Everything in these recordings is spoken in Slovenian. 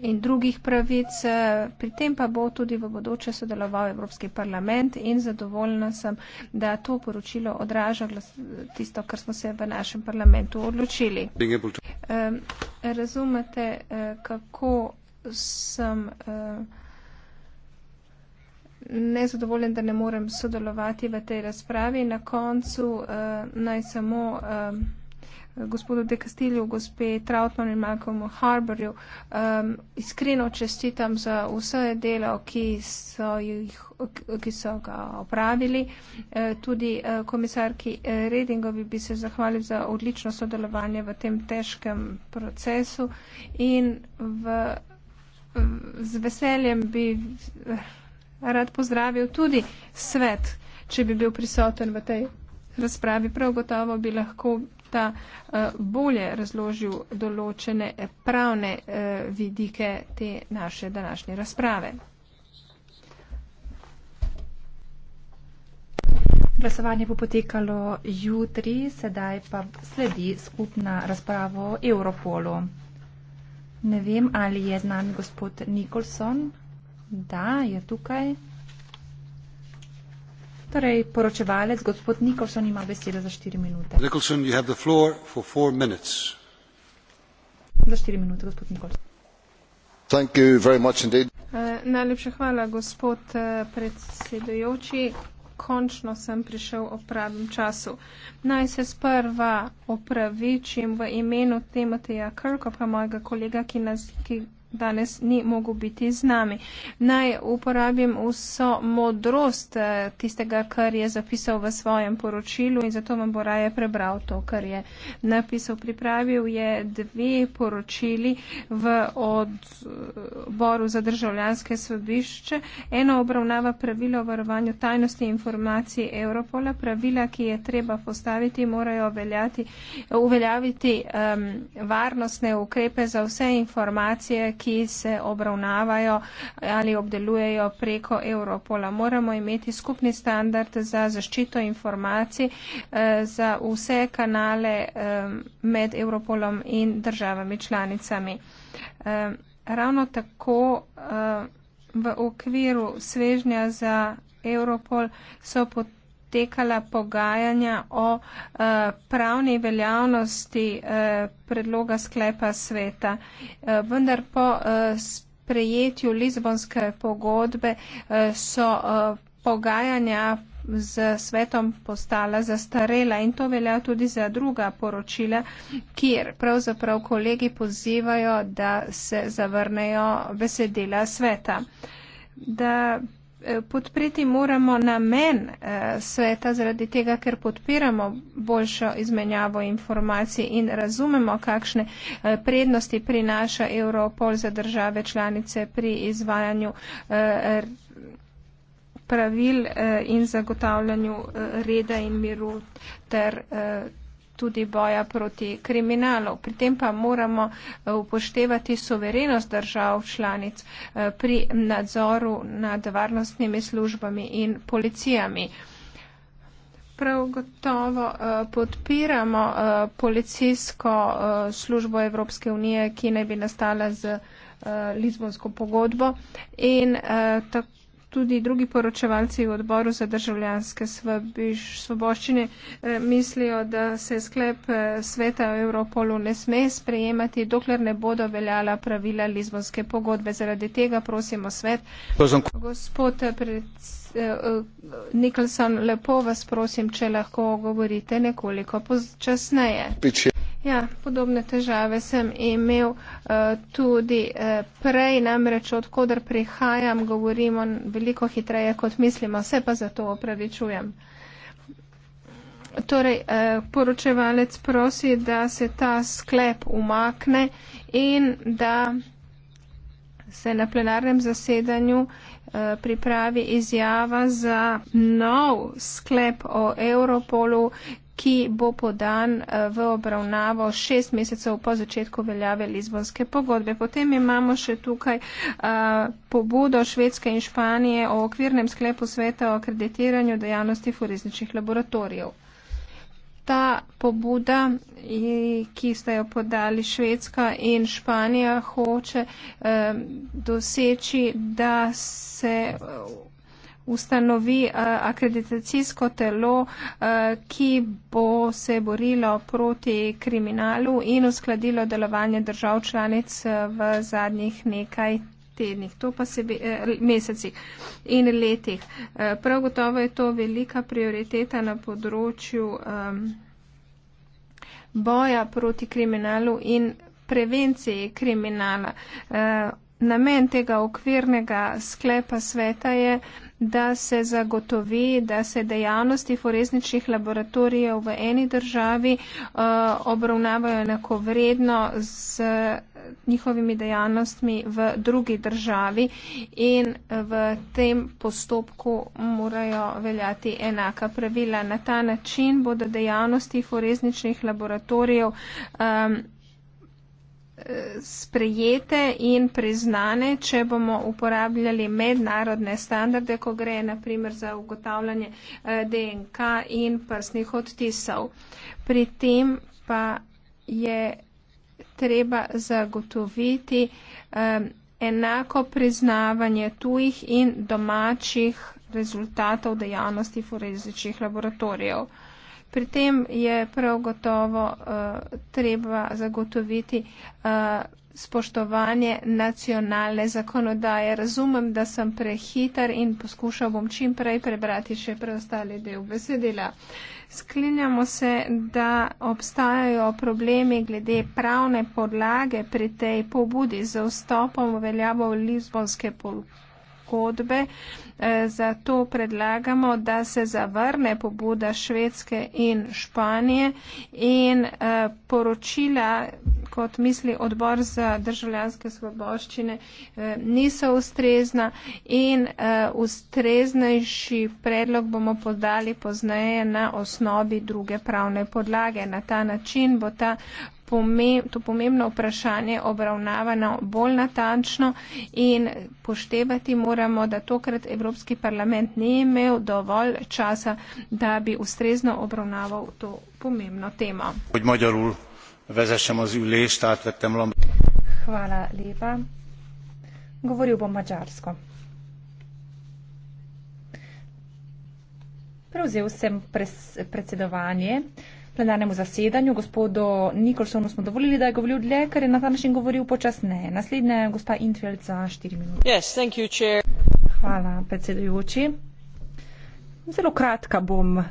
in drugih pravic. Eh, pri tem pa bo tudi v bodoče sodeloval Evropski parlament in zadovoljna sem, da to poročilo odraža tisto, kar smo se v našem parlamentu odločili. To... Razumete, eh, kako sem eh, nezadovoljen, da ne morem sodelovati v tej razpravi. Na koncu naj samo gospodu De Castilju, gospe Trautmanu in Malcolmu Harborju. Um, iskreno čestitam za vse delo, ki so, jih, ki so ga opravili. E, tudi eh, komisarki eh, Redingovi bi se zahvalil za odlično sodelovanje v tem težkem procesu in v, v, z veseljem bi rad pozdravil tudi svet, če bi bil prisoten v tej razpravi. Prav gotovo bi lahko Egipta eh, bolje razložil določene pravne eh, vidike te naše današnje razprave. Glasovanje bo potekalo jutri, sedaj pa sledi skupna razprava o Europolu. Ne vem, ali je z nami gospod Nikolson. Da, je tukaj. Torej, poročevalec gospod Nikolson ima besedo za štiri minute. Nicholson, you have the floor for four minutes. Za štiri minute, gospod Nikolson. Thank you very much indeed. Uh, najlepša hvala, gospod uh, predsedujoči. Končno sem prišel ob pravem času. Naj se sprva opravičim v imenu Timoteja Krkopa, mojega kolega, ki nas, ki, danes ni mogel biti z nami. Naj uporabim vso modrost eh, tistega, kar je zapisal v svojem poročilu in zato vam bo raje prebral to, kar je napisal. Pripravil je dve poročili v odboru za državljanske sodišče. Eno obravnava pravilo o varovanju tajnosti informacij Europola. Pravila, ki je treba postaviti, morajo veljati, uveljaviti um, varnostne ukrepe za vse informacije, ki ki se obravnavajo ali obdelujejo preko Europola. Moramo imeti skupni standard za zaščito informacij eh, za vse kanale eh, med Europolom in državami članicami. Eh, ravno tako v okviru svežnja za Europol so potrebni potekala pogajanja o eh, pravni veljavnosti eh, predloga sklepa sveta. Eh, vendar po sprejetju Lizbonske pogodbe so pogajanja z svetom postala zastarela in to velja tudi za druga poročila, kjer pravzaprav kolegi pozivajo, da se zavrnejo besedila sveta. Da Eh, podpreti moramo namen eh, sveta zaradi tega, ker podpiramo boljšo izmenjavo informacij in razumemo, kakšne eh, prednosti prinaša Evropol za države članice pri izvajanju pravil in zagotavljanju reda in miru ter tudi boja proti kriminalu. Pri tem pa moramo eh, upoštevati soverenost držav članic eh, pri nadzoru nad varnostnimi službami in policijami. Prav gotovo eh, podpiramo policijsko službo Evropske unije, ki naj bi nastala z Lizbonsko pogodbo in tako tudi drugi poročevalci v odboru za državljanske svoboščine eh, mislijo, da se sklep eh, sveta o Evropolu ne sme sprejemati, dokler ne bodo veljala pravila Lizbonske pogodbe. Zaradi tega prosimo svet. Gospod eh, Nikolson, lepo vas prosim, če lahko govorite nekoliko počasneje. Piče. Ja, podobne težave sem imel uh, tudi uh, prej, namreč odkudar prihajam, govorimo veliko hitreje, kot mislimo, vse pa zato opravičujem. Torej, uh, poročevalec prosi, da se ta sklep umakne in da se na plenarnem zasedanju pripravi izjava za nov sklep o Europolu, ki bo podan eh, v obravnavo šest mesecev po začetku veljave Lizbonske pogodbe. Potem imamo še tukaj eh, pobudo Švedske in Španije o okvirnem sklepu sveta o akreditiranju dejavnosti forenzičnih laboratorijev. Ta pobuda, ki sta jo podali Švedska in Španija, hoče eh, doseči, da se ustanovi uh, akreditacijsko telo, uh, ki bo se borilo proti kriminalu in uskladilo delovanje držav članic eh, v zadnjih nekaj tednih, to pa sebi eh, mesecih in letih. Eh, prav gotovo je to velika prioriteta na področju eh, boja proti kriminalu in prevencije kriminala. Eh, Namen tega okvirnega sklepa sveta je, da se zagotovi, da se dejavnosti forezničnih laboratorijev v eni državi uh, obravnavajo enakovredno z njihovimi dejavnostmi v drugi državi in eh, v tem postopku morajo veljati enaka pravila. Na ta način bodo dejavnosti forezničnih laboratorijev um, sprejete in priznane, če bomo uporabljali mednarodne standarde, ko gre naprimer za ugotavljanje eh, DNK in prsnih odtisov. Pri tem pa je treba zagotoviti eh, enako priznavanje tujih in domačih rezultatov dejavnosti forenzičnih laboratorijev. Pri tem je prav gotovo uh, treba zagotoviti uh, spoštovanje nacionalne zakonodaje. Razumem, da sem prehiter in poskušal bom čim prej prebrati še preostali del besedila. Sklinjamo se, da obstajajo problemi glede pravne podlage pri tej pobudi za vstopom v veljavo Lizbonske pol poškodbe. Eh, zato predlagamo, da se zavrne pobuda Švedske in Španije in eh, poročila, kot misli odbor za državljanske svoboščine, eh, niso ustrezna in ustreznejši predlog bomo podali pozneje na osnovi druge pravne podlage. Na ta način bo ta to pomembno vprašanje obravnavano bolj natančno in poštevati moramo, da tokrat Evropski parlament ni imel dovolj časa, da bi ustrezno obravnaval to pomembno temo. Hvala lepa. Govoril bom mačarsko. Prevzel sem predsedovanje plenarnemu zasedanju. Gospodu Nikolsonu smo dovolili, da je govoril dlje, ker je na ta način govoril počasneje. Naslednja je gospa Intveld za 4 minute. Yes, you, Hvala, predsedujoči. Zelo kratka bom.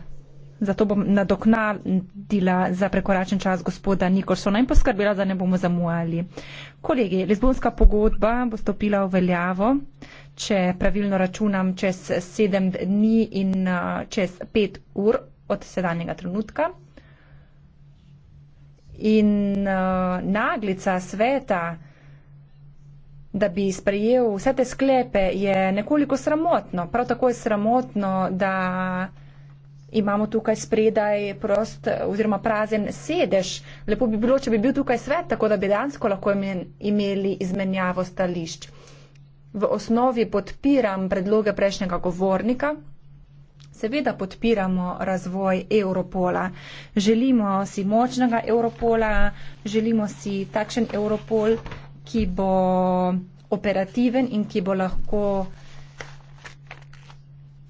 Zato bom nadoknadila za prekoračen čas gospoda Nikolsona in poskrbila, da ne bomo zamujali. Kolegi, Lizbonska pogodba bo stopila v veljavo, če pravilno računam, čez sedem dni in eh, čez pet ur od sedanjega trenutka. In uh, naglica sveta, da bi sprejel vse te sklepe, je nekoliko sramotno. Prav tako je sramotno, da imamo tukaj spredaj prost oziroma prazen sedež. Lepo bi bilo, če bi bil tukaj svet, tako da bi dansko lahko imeli izmenjavo stališč. V osnovi podpiram predloge prejšnjega govornika seveda podpiramo razvoj Europola. Želimo si močnega Europola, želimo si takšen Europol, ki bo operativen in ki bo lahko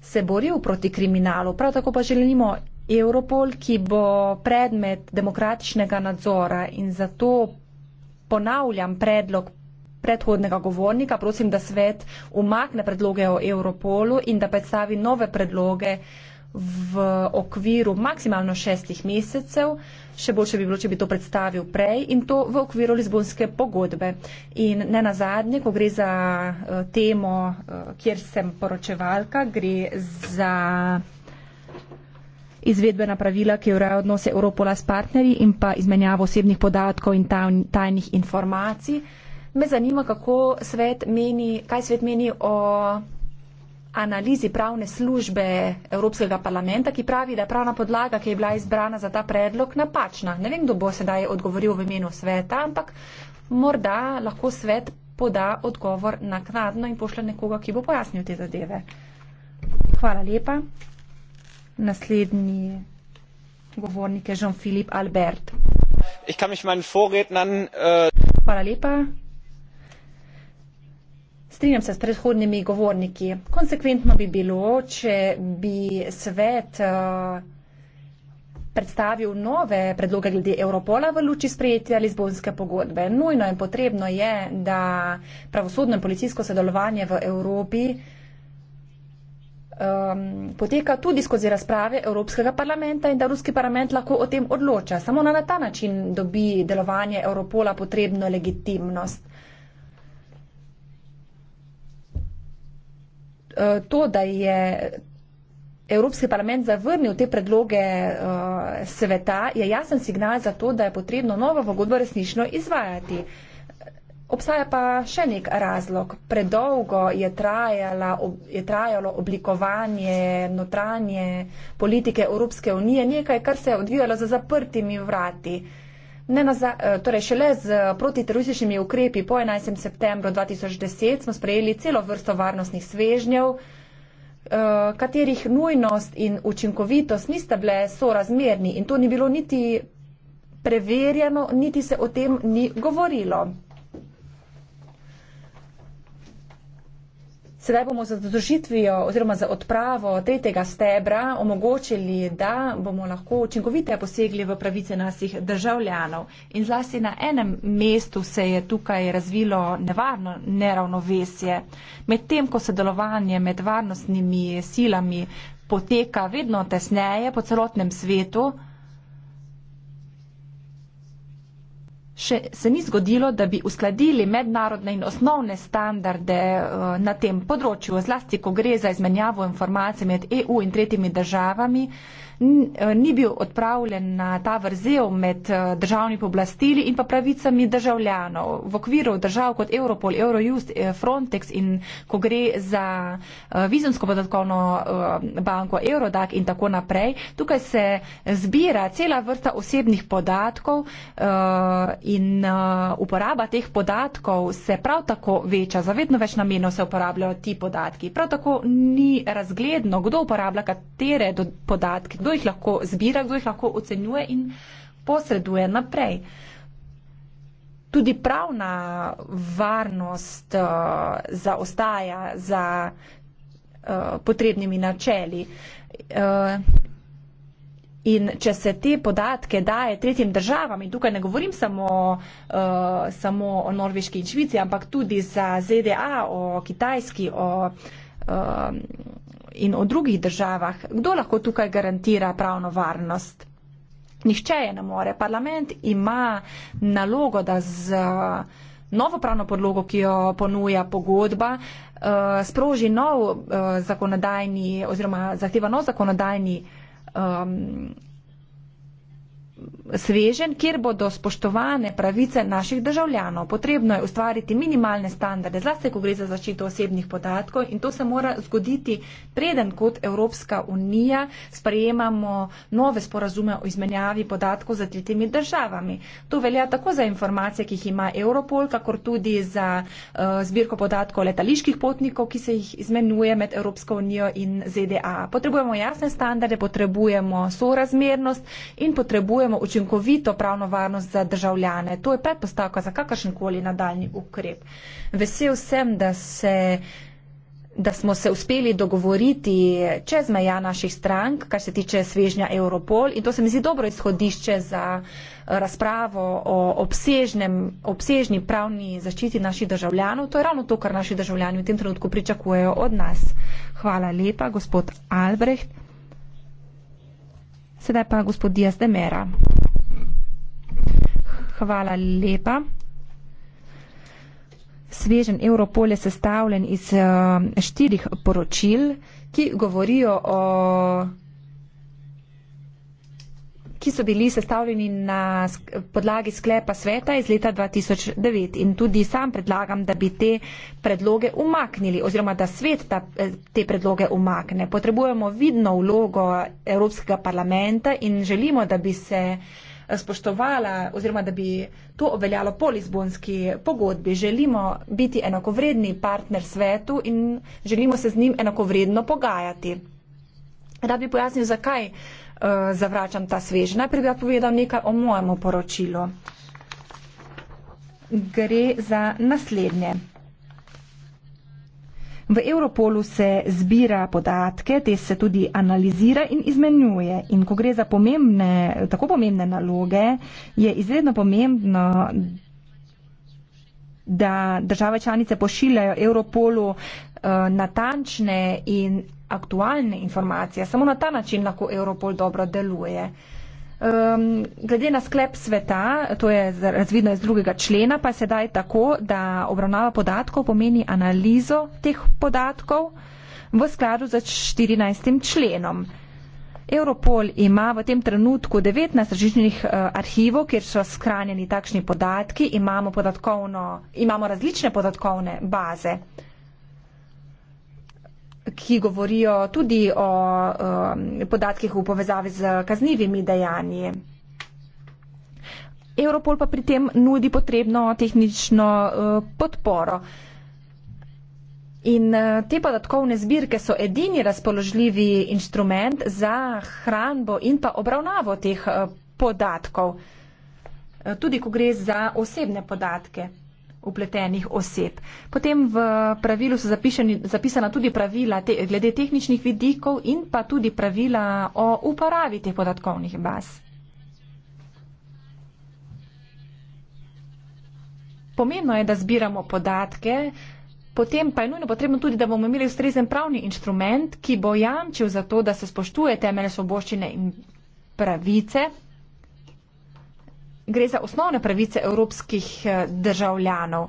se boril proti kriminalu. Prav tako pa želimo Europol, ki bo predmet demokratičnega nadzora in zato ponavljam predlog predhodnega govornika, prosim, da svet umakne predloge o Europolu in da predstavi nove predloge v okviru maksimalno šestih mesecev, še boljše bi bilo, če bi to predstavil prej in to v okviru Lizbonske pogodbe. In ne nazadnje, ko gre za eh, temo, eh, kjer sem poročevalka, gre za izvedbena pravila, ki urejajo odnose Europola s partnerji in pa izmenjavo osebnih podatkov in tajnih informacij. Me zanima, svet meni, kaj svet meni o analizi pravne službe Evropskega parlamenta, ki pravi, da je pravna podlaga, ki je bila izbrana za ta predlog, napačna. Ne vem, kdo bo sedaj odgovoril v imenu sveta, ampak morda lahko svet poda odgovor nakladno in pošle nekoga, ki bo pojasnil te zadeve. Hvala lepa. Naslednji govornik je Jean-Philippe Albert. Äh, Hvala lepa. Strinjam se s predhodnimi govorniki. Konsekventno bi bilo, če bi svet eh, predstavil nove predloge glede Europola v luči sprejetja Lizbonske pogodbe. Nujno in potrebno je, da pravosodno in policijsko sodelovanje v Evropi um, poteka tudi skozi razprave Evropskega parlamenta in da Ruski parlament lahko o tem odloča. Samo na ta način dobi delovanje Europola potrebno legitimnost. Eh, to, da je Evropski parlament zavrnil te predloge eh, sveta, je jasen signal za to, da je potrebno novo pogodbo resnično izvajati. Obstaja pa še nek razlog. Predolgo je, trajala, ob, je trajalo oblikovanje notranje politike Evropske unije, nekaj, kar se je odvijalo za zaprtimi vrati. Uh, Nenaza, eh, torej šele z eh, protiterorističnimi ukrepi po 11. septembru 2010 smo sprejeli celo vrsto varnostnih svežnjev, eh, katerih nujnost in učinkovitost nista bile sorazmerni in to ni bilo niti preverjeno, niti se o tem ni govorilo. Sedaj bomo z zadržitvijo oziroma z odpravo tretjega stebra omogočili, da bomo lahko učinkovite posegli v pravice naših državljanov. In zlasti na enem mestu se je tukaj razvilo nevarno neravnovesje. Medtem, ko sodelovanje med varnostnimi silami poteka vedno tesneje po celotnem svetu, še se ni zgodilo, da bi uskladili mednarodne in osnovne standarde eh, na tem področju, zlasti, ko gre za izmenjavo informacij med EU in tretjimi državami. Eh, ni bil odpravljen na ta vrzel med eh, državnimi oblastili in pa pravicami državljanov. V okviru držav kot Europol, Eurojust, eh, Frontex in ko gre za vizumsko podatkovno banko Eurodac in tako naprej, tukaj se zbira cela vrsta osebnih podatkov in uporaba teh podatkov se prav tako veča, za vedno več namenov se uporabljajo ti podatki. Prav tako ni razgledno, kdo uporablja katere podatke kdo jih lahko zbira, kdo jih lahko ocenjuje in posreduje naprej. Tudi pravna varnost uh, zaostaja za uh, potrebnimi načeli. Uh, in če se te podatke daje tretjim državam, in tukaj ne govorim samo, uh, samo o Norveški in Švici, ampak tudi za ZDA, o Kitajski, o. Uh, in o drugih državah, kdo lahko tukaj garantira pravno varnost? Nihče je ne more. Parlament ima nalogo, da z eh, novo pravno podlogo, ki jo ponuja pogodba, eh, sproži nov eh, zakonodajni oziroma zahteva nov zakonodajni um, svežen, kjer bodo spoštovane pravice naših državljanov. Potrebno je ustvariti minimalne standarde, zlasti, ko gre za zaščito osebnih podatkov in to se mora zgoditi preden kot Evropska unija sprejemamo nove sporazume o izmenjavi podatkov za tretjimi državami. To velja tako za informacije, ki jih ima Europol, kakor tudi za uh, zbirko podatkov letaliških potnikov, ki se jih izmenjuje med Evropsko unijo in ZDA. Potrebujemo jasne standarde, potrebujemo sorazmernost in potrebujemo učinkovitost učinkovito pravno varnost za državljane. To je predpostavka za kakršen koli nadaljni ukrep. Vesel sem, da se da smo se uspeli dogovoriti čez meja naših strank, kar se tiče svežnja Europol in to se mi zdi dobro izhodišče za eh, razpravo o obsežnem, obsežni pravni zaščiti naših državljanov. To je ravno to, kar naši državljani v tem trenutku pričakujejo od nas. Hvala lepa, gospod Albrecht. Sedaj pa gospod Diaz de Mera hvala lepa. Svežen Europol je sestavljen iz uh, štirih poročil, ki govorijo o ki so bili sestavljeni na podlagi sklepa sveta iz leta 2009. In tudi sam predlagam, da bi te predloge umaknili oziroma da svet ta, eh, te predloge umakne. Potrebujemo vidno vlogo Evropskega parlamenta in želimo, da bi se uh, spoštovala oziroma da bi to obveljalo po Lizbonski pogodbi. Želimo biti enakovredni partner svetu in želimo se z njim enakovredno pogajati. Rad bi pojasnil, zakaj uh, zavračam ta svež. Najprej bi povedal nekaj o mojemu poročilu. Gre za naslednje. V Europolu se zbira podatke, te se tudi analizira in izmenjuje. In ko gre za pomembne, tako pomembne naloge, je izredno pomembno, da države članice pošiljajo Europolu eh, natančne in aktualne informacije. Samo na ta način lahko Europol dobro deluje. Um, glede na sklep sveta, to je razvidno iz drugega člena, pa sedaj tako, da obravnava podatkov pomeni analizo teh podatkov v skladu z 14. členom. Europol ima v tem trenutku 19 različnih eh, arhivov, kjer so skranjeni takšni podatki. Imamo, imamo različne podatkovne baze ki govorijo tudi o um, podatkih v povezavi z kaznivimi dejanji. Europol pa pri tem nudi potrebno tehnično uh, podporo. In uh, te podatkovne zbirke so edini razpoložljivi inštrument za hranbo in pa obravnavo teh uh, podatkov, tudi ko gre za osebne podatke upletenih oseb. Potem v pravilu so zapišeni, zapisana tudi pravila te, glede tehničnih vidikov in pa tudi pravila o uporabi teh podatkovnih baz. Pomembno je, da zbiramo podatke, potem pa je nujno potrebno tudi, da bomo imeli ustrezen pravni inštrument, ki bo jamčil za to, da se spoštuje temelje svoboščine in pravice, gre za osnovne pravice evropskih eh, državljanov.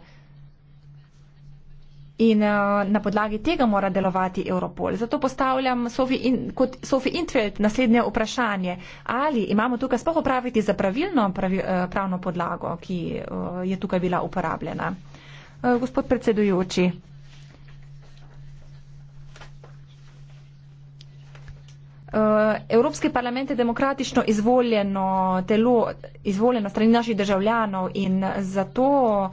In uh, na podlagi tega mora delovati Europol. Zato postavljam Sophie in, kot Sofi Intfeld naslednje vprašanje. Ali imamo tukaj spoh opraviti za pravilno pravi, eh, pravno podlago, ki uh, je tukaj bila uporabljena? Uh, gospod predsedujoči. Eh, Evropski parlament je demokratično izvoljeno telo, izvoljeno strani naših državljanov in zato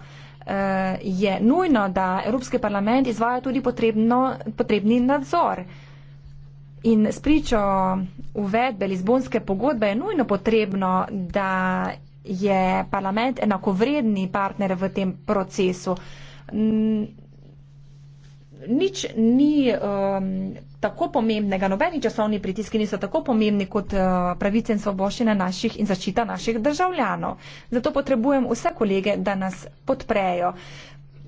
eh, je nujno, da Evropski parlament izvaja tudi potrebno, potrebni nadzor. In s pričo uvedbe Lizbonske pogodbe je nujno potrebno, da je parlament enakovredni partner v tem procesu. Nič ni um, tako pomembnega, nobeni časovni pritiski niso tako pomembni kot eh, pravice in svoboščine naših in zaščita naših državljanov. Zato potrebujem vse kolege, da nas podprejo.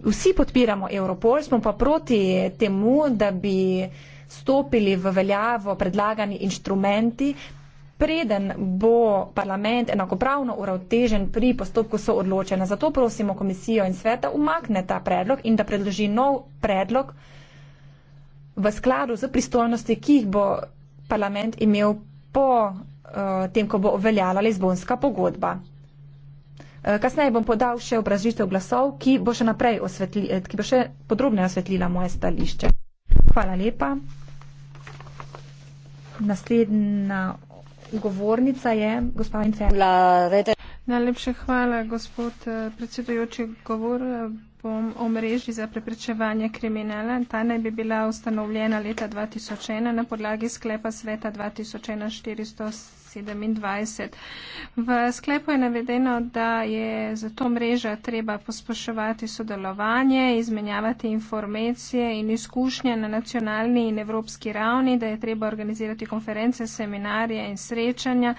Vsi podpiramo Europol, smo pa proti temu, da bi stopili v veljavo predlagani inštrumenti, preden bo parlament enakopravno uravtežen pri postopku so odločena. Zato prosimo komisijo in sveta umakne ta predlog in da predloži nov predlog v skladu z pristojnosti, ki jih bo parlament imel po uh, tem, ko bo uveljala Lizbonska pogodba. Eh, kasneje bom podal še obrazitev glasov, ki bo še naprej osvetlila, eh, ki bo še podrobneje osvetlila moje stališče. Hvala lepa. Naslednja govornica je gospa Incer. Najlepše hvala, gospod predsedujoči, govor bom o mreži za preprečevanje kriminala. Ta naj bi bila ustanovljena leta 2001 na podlagi sklepa sveta 2001 400. 27. V sklepu je navedeno, da je za to mrežo treba pospoševati sodelovanje, izmenjavati informacije in izkušnje na nacionalni in evropski ravni, da je treba organizirati konference, seminarje in srečanja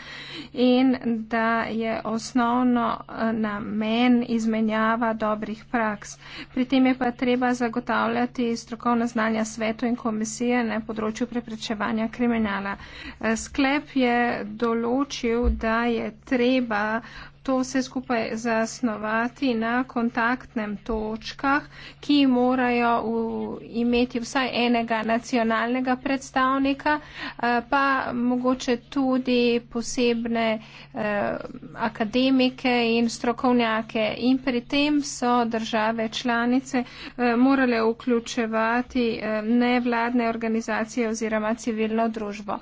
in da je osnovno eh, namen izmenjava dobrih praks. Pri tem je pa treba zagotavljati strokovna znanja svetu in komisije na področju preprečevanja kriminala. Eh, sklep je do določil, da je treba to vse skupaj zasnovati na kontaktnem točkah, ki morajo v, imeti vsaj enega nacionalnega predstavnika, eh, pa mogoče tudi posebne eh, akademike in strokovnjake. In pri tem so države članice eh, morale vključevati nevladne organizacije oziroma civilno družbo.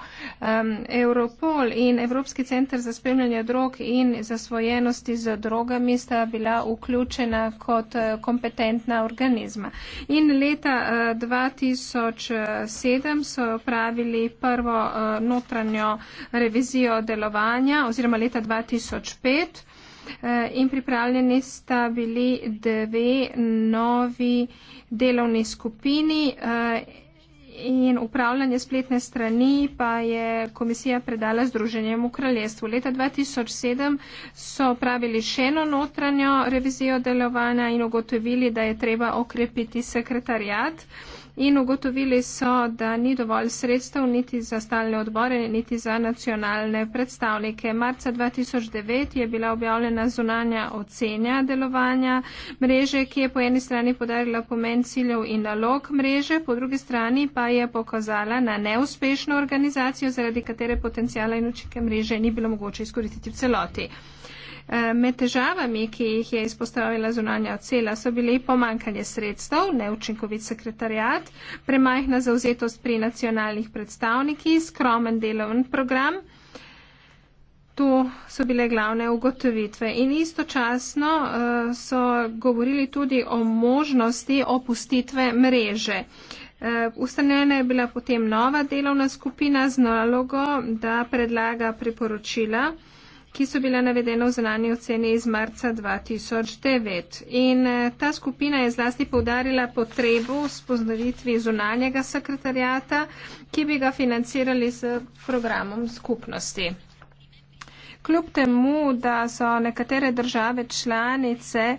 Europol in Evropski center za spremljanje drog in zasvojenje obremenjenosti z drogami sta bila vključena kot eh, kompetentna organizma. In leta 2007 eh, so pravili prvo eh, notranjo revizijo delovanja oziroma leta 2005 in pripravljeni sta bili dve novi delovni skupini in upravljanje spletne strani pa je komisija predala Združenjem v kraljestvu. Leta 2007 so pravili še eno notranjo revizijo delovanja in ugotovili, da je treba okrepiti sekretarjat in ugotovili so, da ni dovolj sredstev niti za stalne odbore, niti za nacionalne predstavnike. Marca 2009 je bila objavljena zunanja ocenja delovanja mreže, ki je po eni strani podarila pomen ciljev in nalog mreže, po drugi strani pa je pokazala na neuspešno organizacijo, zaradi katere potencijala in učinke mreže ni bilo mogoče izkoristiti v celoti. Eh, med težavami, ki jih je izpostavila zunanja cela, so bili pomankanje sredstev, neučinkovit sekretarjat, premajhna zauzetost pri nacionalnih predstavnikih, skromen delovni program. To so bile glavne ugotovitve. In istočasno uh, so govorili tudi o možnosti opustitve mreže. Uh, ustanovljena je bila potem nova delovna skupina z nalogo, da predlaga priporočila ki so bile navedene v zunanji oceni iz marca 2009. In eh, ta skupina je zlasti povdarila potrebo spoznavitvi zunanjega sekretarjata, ki bi ga financirali s programom skupnosti kljub temu, da so nekatere države članice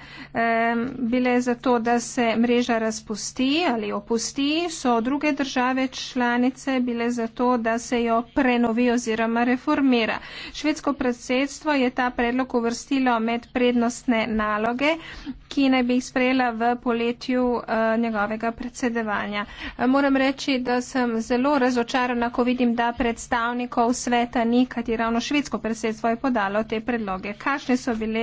bile za to, da se mreža razpusti ali opusti, so druge države članice bile za to, da se jo prenovi oziroma reformira. Švedsko predsedstvo je ta predlog uvrstilo med prednostne naloge, ki naj bi jih sprejela v poletju eh, njegovega predsedevanja. Moram reči, da sem zelo razočarana, ko vidim, da predstavnikov sveta ni, kajti ravno švedsko predsedstvo je podalo te predloge. Kakšne so bile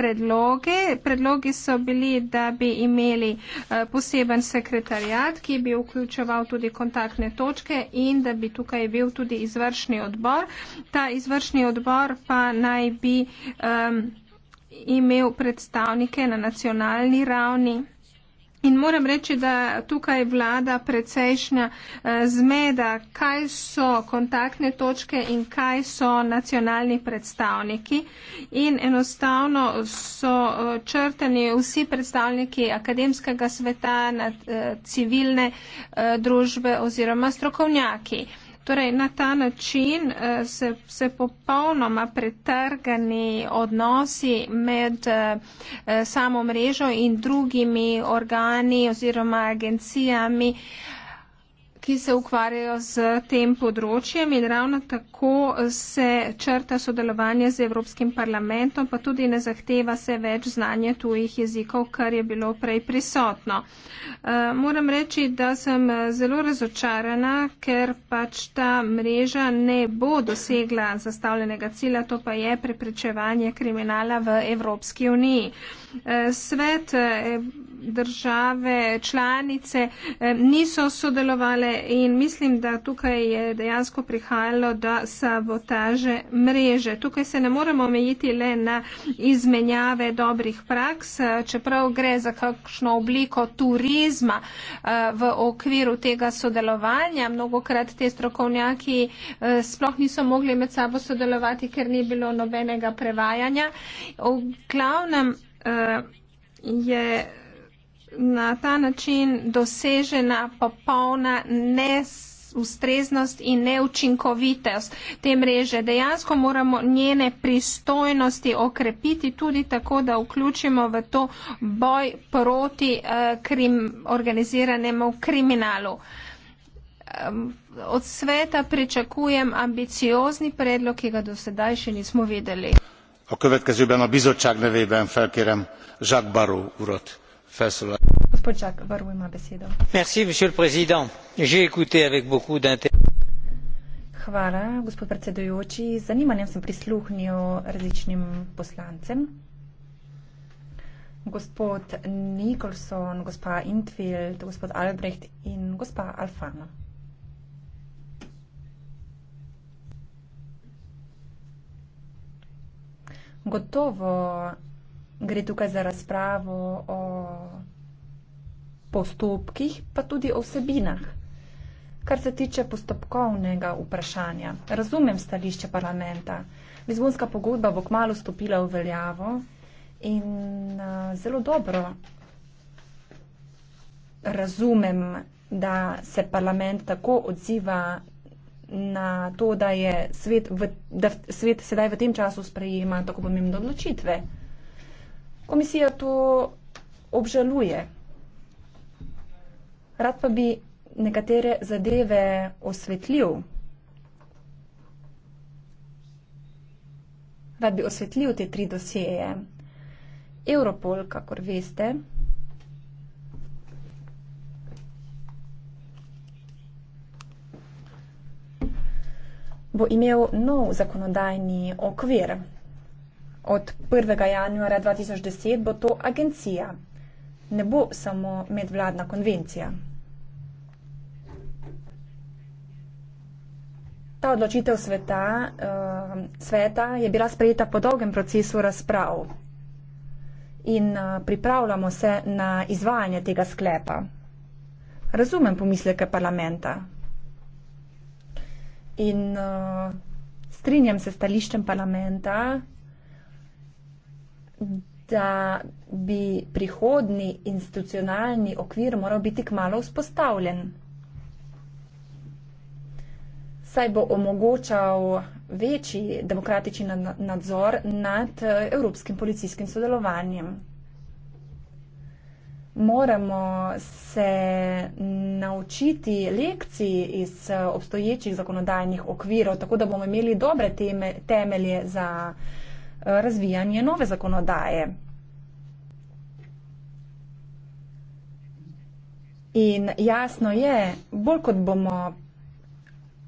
predloge? Predlogi so bili, da bi imeli eh, poseben sekretarjat, ki bi vključeval tudi kontaktne točke in da bi tukaj bil tudi izvršni odbor. Ta izvršni odbor pa naj bi um, imel predstavnike na nacionalni ravni In moram reči, da tukaj vlada precejšnja eh, zmeda, kaj so kontaktne točke in kaj so nacionalni predstavniki. In enostavno so eh, črteni vsi predstavniki akademskega sveta, eh, civilne družbe oziroma strokovnjaki. Torej, na ta način eh, se, se popolnoma pretrgani odnosi med eh, eh, samo mrežo in drugimi organi oziroma agencijami ki se ukvarjajo z tem področjem in ravno tako se črta sodelovanje z Evropskim parlamentom, pa tudi ne zahteva se več znanja tujih jezikov, kar je bilo prej prisotno. Eh, moram reči, da sem zelo razočarana, ker pač ta mreža ne bo dosegla zastavljenega cilja, to pa je preprečevanje kriminala v Evropski uniji. Eh, svet eh, države članice eh, niso sodelovale in mislim, da tukaj je dejansko prihajalo do sabotaže mreže. Tukaj se ne moramo omejiti le na izmenjave dobrih praks, eh, čeprav gre za kakšno obliko turizma eh, v okviru tega sodelovanja. Mnogokrat te strokovnjaki sploh niso mogli med sabo sodelovati, ker ni bilo nobenega prevajanja. V glavnem je na ta način dosežena popolna nes ustreznost in neučinkovitost te mreže. Dejansko moramo njene pristojnosti okrepiti tudi tako, da vključimo v to boj proti uh, krim, organiziranemu kriminalu. Um, od sveta pričakujem ambiciozni predlog, ki ga do sedaj še nismo videli. A következőben a bizottság nevében felkérem Jacques Barrot urat monsieur le président j'ai écouté avec beaucoup d'intérêt Gospod Nicholson, gospa Intfield, gospod Albrecht in gospa Alfano. Gotovo gre tukaj za razpravo o postopkih, pa tudi o vsebinah. Kar se tiče postopkovnega vprašanja, razumem stališče parlamenta. Lizbonska pogodba bo kmalo stopila v veljavo in uh, zelo dobro razumem, da se parlament tako odziva na to, da, svet, v, da svet sedaj v tem času sprejema tako pomembne odločitve. Uh, Komisija to obžaluje. Rad pa bi nekatere zadeve osvetljil. Rad bi osvetljil te tri dosjeje. Europol, kakor veste, bo imel nov zakonodajni okvir. Od 1. januarja 2010 bo to agencija. Ne bo samo medvladna konvencija. Ta odločitev sveta, uh, sveta je bila sprejeta po dolgem procesu razprav in uh, pripravljamo se na izvajanje tega sklepa. Razumem pomisleke parlamenta in uh, strinjam se s stališčem parlamenta, da bi prihodni institucionalni okvir moral biti kmalo vzpostavljen. Saj bo omogočal večji demokratični nadzor nad eh, evropskim policijskim sodelovanjem. Moramo se naučiti lekcij iz eh, obstoječih zakonodajnih okvirov, tako da bomo imeli dobre teme, temelje za razvijanje nove zakonodaje. In jasno je, bolj kot bomo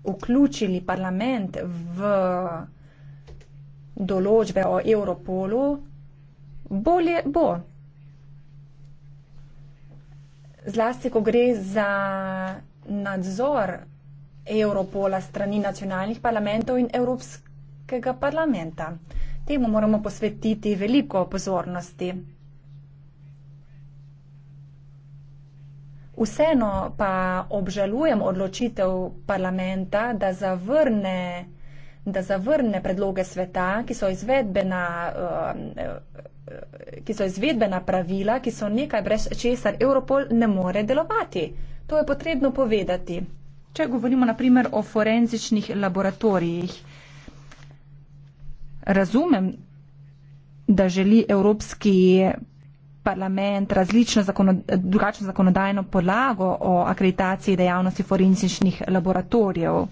vključili parlament v določbe o Europolu, bolje bo. Zlasti, ko gre za nadzor Europola strani nacionalnih parlamentov in Evropskega parlamenta temu moramo posvetiti veliko pozornosti. Vseeno pa obžalujem odločitev parlamenta, da zavrne, da zavrne predloge sveta, ki so, izvedbena, um, uh, ki so izvedbena pravila, ki so nekaj brez česar Europol ne more delovati. To je potrebno povedati. Če govorimo naprimer o forenzičnih laboratorijih razumem, da želi Evropski parlament različno zakonodajno, drugačno zakonodajno podlago o akreditaciji dejavnosti forenzičnih laboratorijev.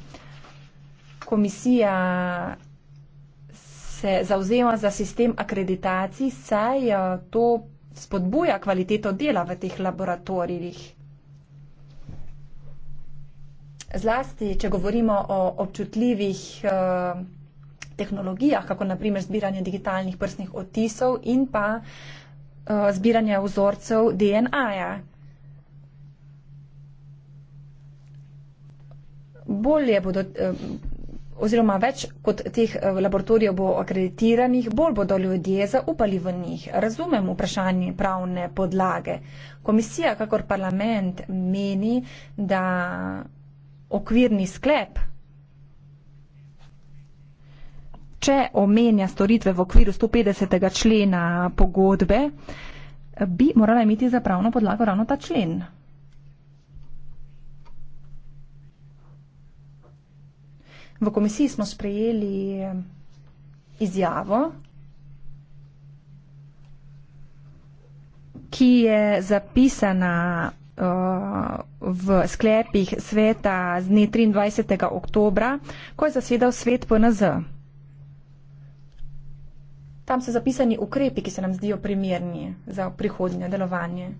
Komisija se zauzema za sistem akreditacij, saj eh, to spodbuja kvaliteto dela v teh laboratorijih. Zlasti, če govorimo o občutljivih uh, tehnologijah, kako naprimer zbiranje digitalnih prstnih otisov in pa eh, zbiranje vzorcev DNA-ja. Bolje bodo, eh, oziroma več kot teh eh, laboratorijev bo akreditiranih, bolj bodo ljudje zaupali v njih. Razumem vprašanje pravne podlage. Komisija, kakor parlament, meni, da okvirni sklep če omenja storitve v okviru 150. člena pogodbe, bi morala imeti za pravno podlago ravno ta člen. V komisiji smo sprejeli izjavo, ki je zapisana uh, v sklepih sveta z dne 23. oktobra, ko je zasedal svet PNZ. Tam so zapisani ukrepi, ki se nam zdijo primerni za prihodnje delovanje.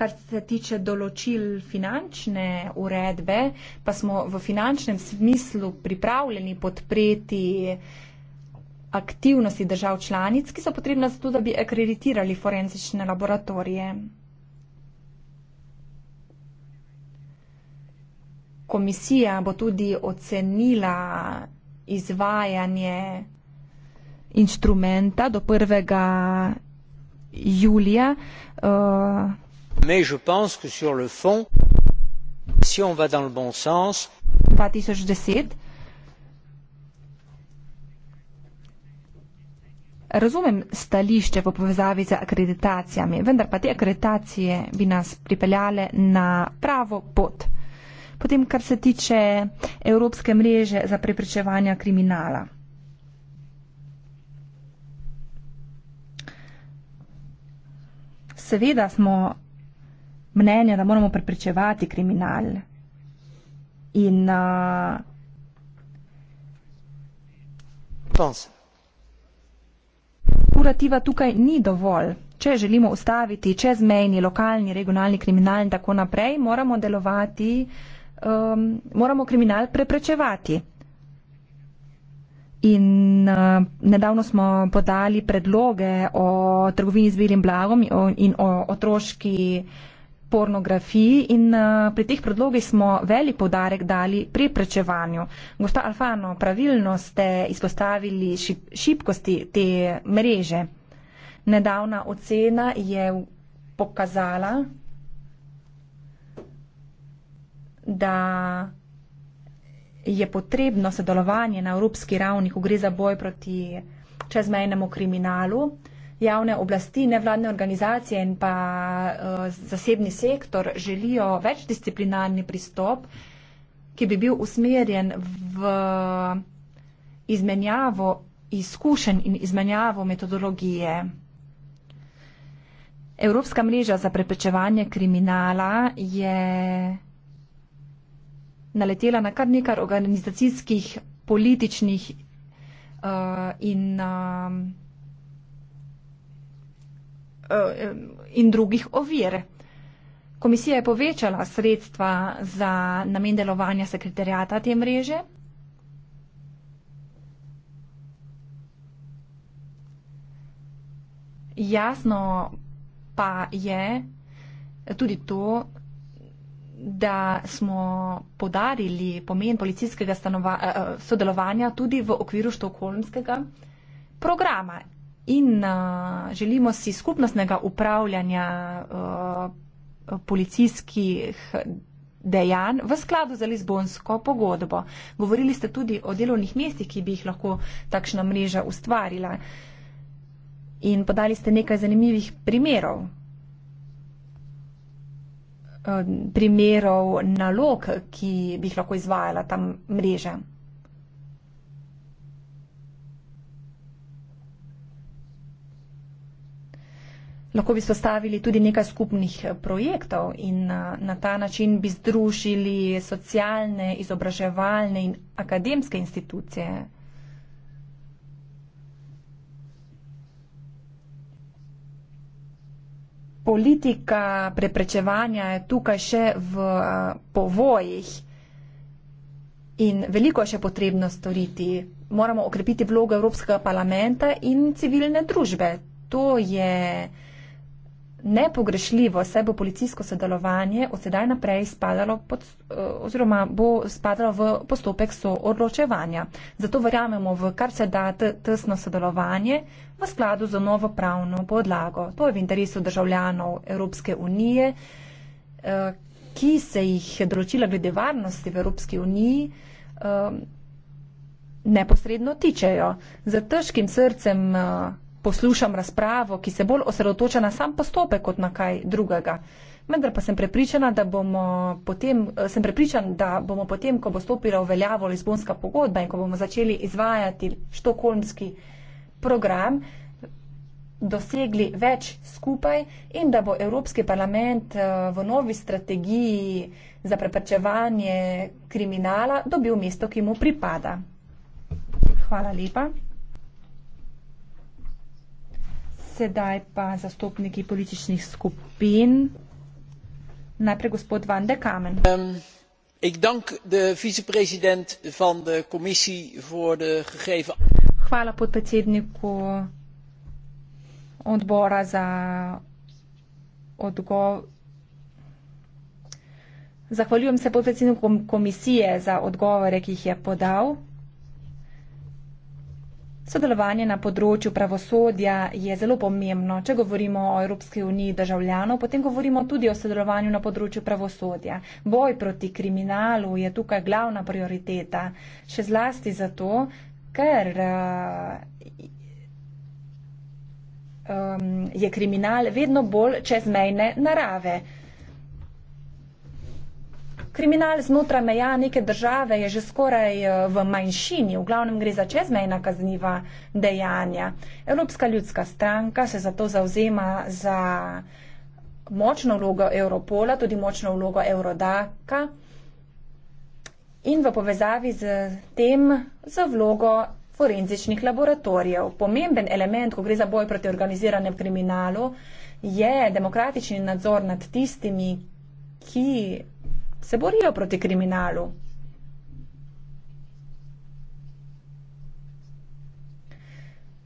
Kar se tiče določil finančne uredbe, pa smo v finančnem smislu pripravljeni podpreti aktivnosti držav članic, ki so potrebna za to, da bi akreditirali forenzične laboratorije. komisija bo tudi ocenila izvajanje inštrumenta do 1. julija. Uh, eh, 2010. Razumem stališče v povezavi z akreditacijami, vendar pa te akreditacije bi nas pripeljale na pravo pot. Potem, kar se tiče Evropske mreže za preprečevanje kriminala. Seveda smo mnenja, da moramo preprečevati kriminal. In uh, kurativa tukaj ni dovolj. Če želimo ustaviti čezmejni, lokalni, regionalni kriminal in tako naprej, moramo delovati uh, um, moramo kriminal preprečevati. In uh, nedavno smo podali predloge o trgovini z belim blagom in o otroški pornografiji in uh, pri teh predlogih smo velik podarek dali preprečevanju. Gosta Alfano, pravilno ste izpostavili šip, šipkosti te mreže. Nedavna ocena je pokazala, da je potrebno sodelovanje na evropski ravni, ko gre za boj proti čezmejnemu kriminalu, javne oblasti, nevladne organizacije in pa uh, zasebni sektor želijo večdisciplinarni pristop, ki bi bil usmerjen v izmenjavo izkušenj in izmenjavo metodologije. Evropska mreža za preprečevanje kriminala je naletela na kar nekaj organizacijskih, političnih uh, in, uh, in drugih ovir. Komisija je povečala sredstva za namen delovanja sekretarjata te mreže. Jasno pa je tudi to, da smo podarili pomen policijskega eh, eh, sodelovanja tudi v okviru štokholmskega programa in eh, želimo si skupnostnega upravljanja policijskih dejanj v skladu z Lizbonsko pogodbo. Govorili ste tudi o delovnih mestih, ki bi jih lahko takšna mreža ustvarila. In podali ste nekaj zanimivih primerov. Eh, primerov nalog, ki bi jih lahko izvajala ta mreža? Lahko bi spostavili tudi nekaj skupnih projektov in eh, na ta način bi združili socialne, izobraževalne in akademske institucije. politika preprečevanja je tukaj še v eh, povojih in veliko je še potrebno storiti. Moramo okrepiti vlogo Evropskega parlamenta in civilne družbe. To je nepogrešljivo se bo policijsko sodelovanje od sedaj naprej spadalo pod, eh, oziroma bo spadalo v postopek soodločevanja. Zato verjamemo v kar se da tesno sodelovanje v skladu z novo pravno podlago. To je v interesu državljanov Evropske unije, eh, ki se jih je določila glede varnosti v Evropski uniji eh, neposredno tičejo. Za težkim srcem uh, poslušam razpravo, ki se bolj osredotoča na sam postopek kot na kaj drugega. Vendar pa sem prepričana, da bomo potem, eh, sem prepričan, da bomo potem, ko bo stopila v veljavo Lizbonska pogodba in ko bomo začeli izvajati štokholmski program, dosegli več skupaj in da bo Evropski parlament eh, v novi strategiji za preprečevanje kriminala dobil mesto, ki mu pripada. Hvala lepa. Sedaj pa zastopniki političnih skupin. Najprej gospod Van de Kamen. Um. Ik dank de vicepresident van de commissie voor de gegeven. Hvala podpredsedniku odbora za odgovor. Zahvaljujem se podpredsedniku komisije za odgovore, ki jih je podal. Sodelovanje na področju pravosodja je zelo pomembno. Če govorimo o Evropski uniji državljanov, potem govorimo tudi o sodelovanju na področju pravosodja. Boj proti kriminalu je tukaj glavna prioriteta. Še zlasti zato, ker uh, um, je kriminal vedno bolj čezmejne narave. Kriminal znotraj meja neke države je že skoraj eh, v manjšini, v glavnem gre za čezmejna kazniva dejanja. Evropska ljudska stranka se zato zauzema za močno vlogo Europola, tudi močno vlogo Eurodaka in v povezavi z tem za vlogo forenzičnih laboratorijev. Pomemben element, ko gre za boj proti organiziranem kriminalu, je demokratični nadzor nad tistimi, ki se borijo proti kriminalu.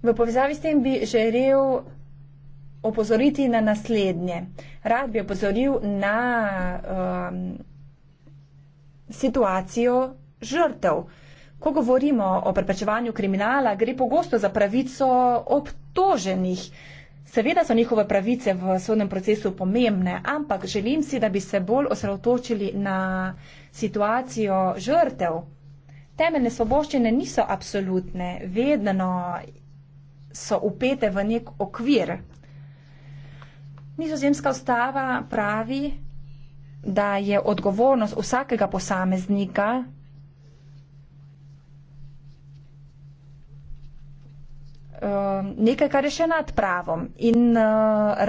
V povezavi s tem bi želel opozoriti na naslednje. Rad bi opozoril na um, situacijo žrtev. Ko govorimo o preprečevanju kriminala, gre pogosto za pravico obtoženih. Uh, Seveda so njihove pravice v sodnem procesu pomembne, ampak želim si, da bi se bolj osredotočili na situacijo žrtev. Temeljne svoboščine niso absolutne, vedno so upete v nek okvir. Nizozemska ustava pravi, da je odgovornost vsakega posameznika Eh, nekaj, kar je še nad pravom. In eh,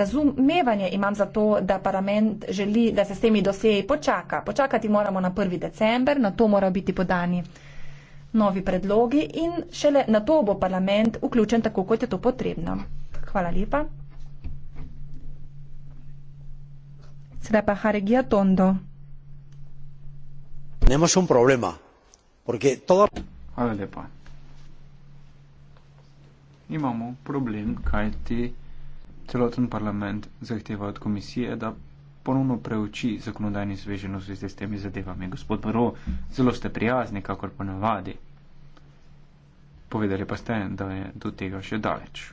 razumevanje imam za to, da parlament želi, da se s temi doseji počaka. Počakati moramo na 1. december, na to morajo biti podani novi predlogi in šele na to bo parlament vključen tako, kot je to potrebno. Hvala lepa. Sedaj pa Haregija Tondo. Nemaš un problema. Porque todo... Hvala lepa imamo problem, kajti celoten parlament zahteva od komisije, da ponovno preuči zakonodajni zveženo v zvezi s temi zadevami. Gospod Baro, zelo ste prijazni, kakor pa navadi. Povedali pa ste, da je do tega še daleč.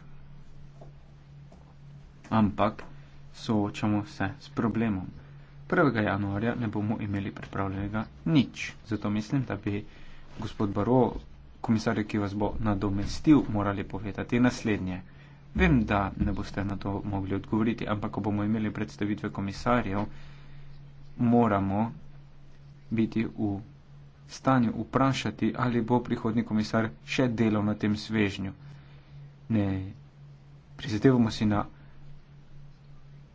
Ampak soočamo se s problemom. 1. januarja ne bomo imeli pripravljenega nič. Zato mislim, da bi gospod Baro komisarju, ki vas bo nadomestil, morali povedati naslednje. Vem, da ne boste na to mogli odgovoriti, ampak ko bomo imeli predstavitve komisarjev, moramo biti v stanju vprašati, ali bo prihodni komisar še delal na tem svežnju. Ne, prizadevamo si na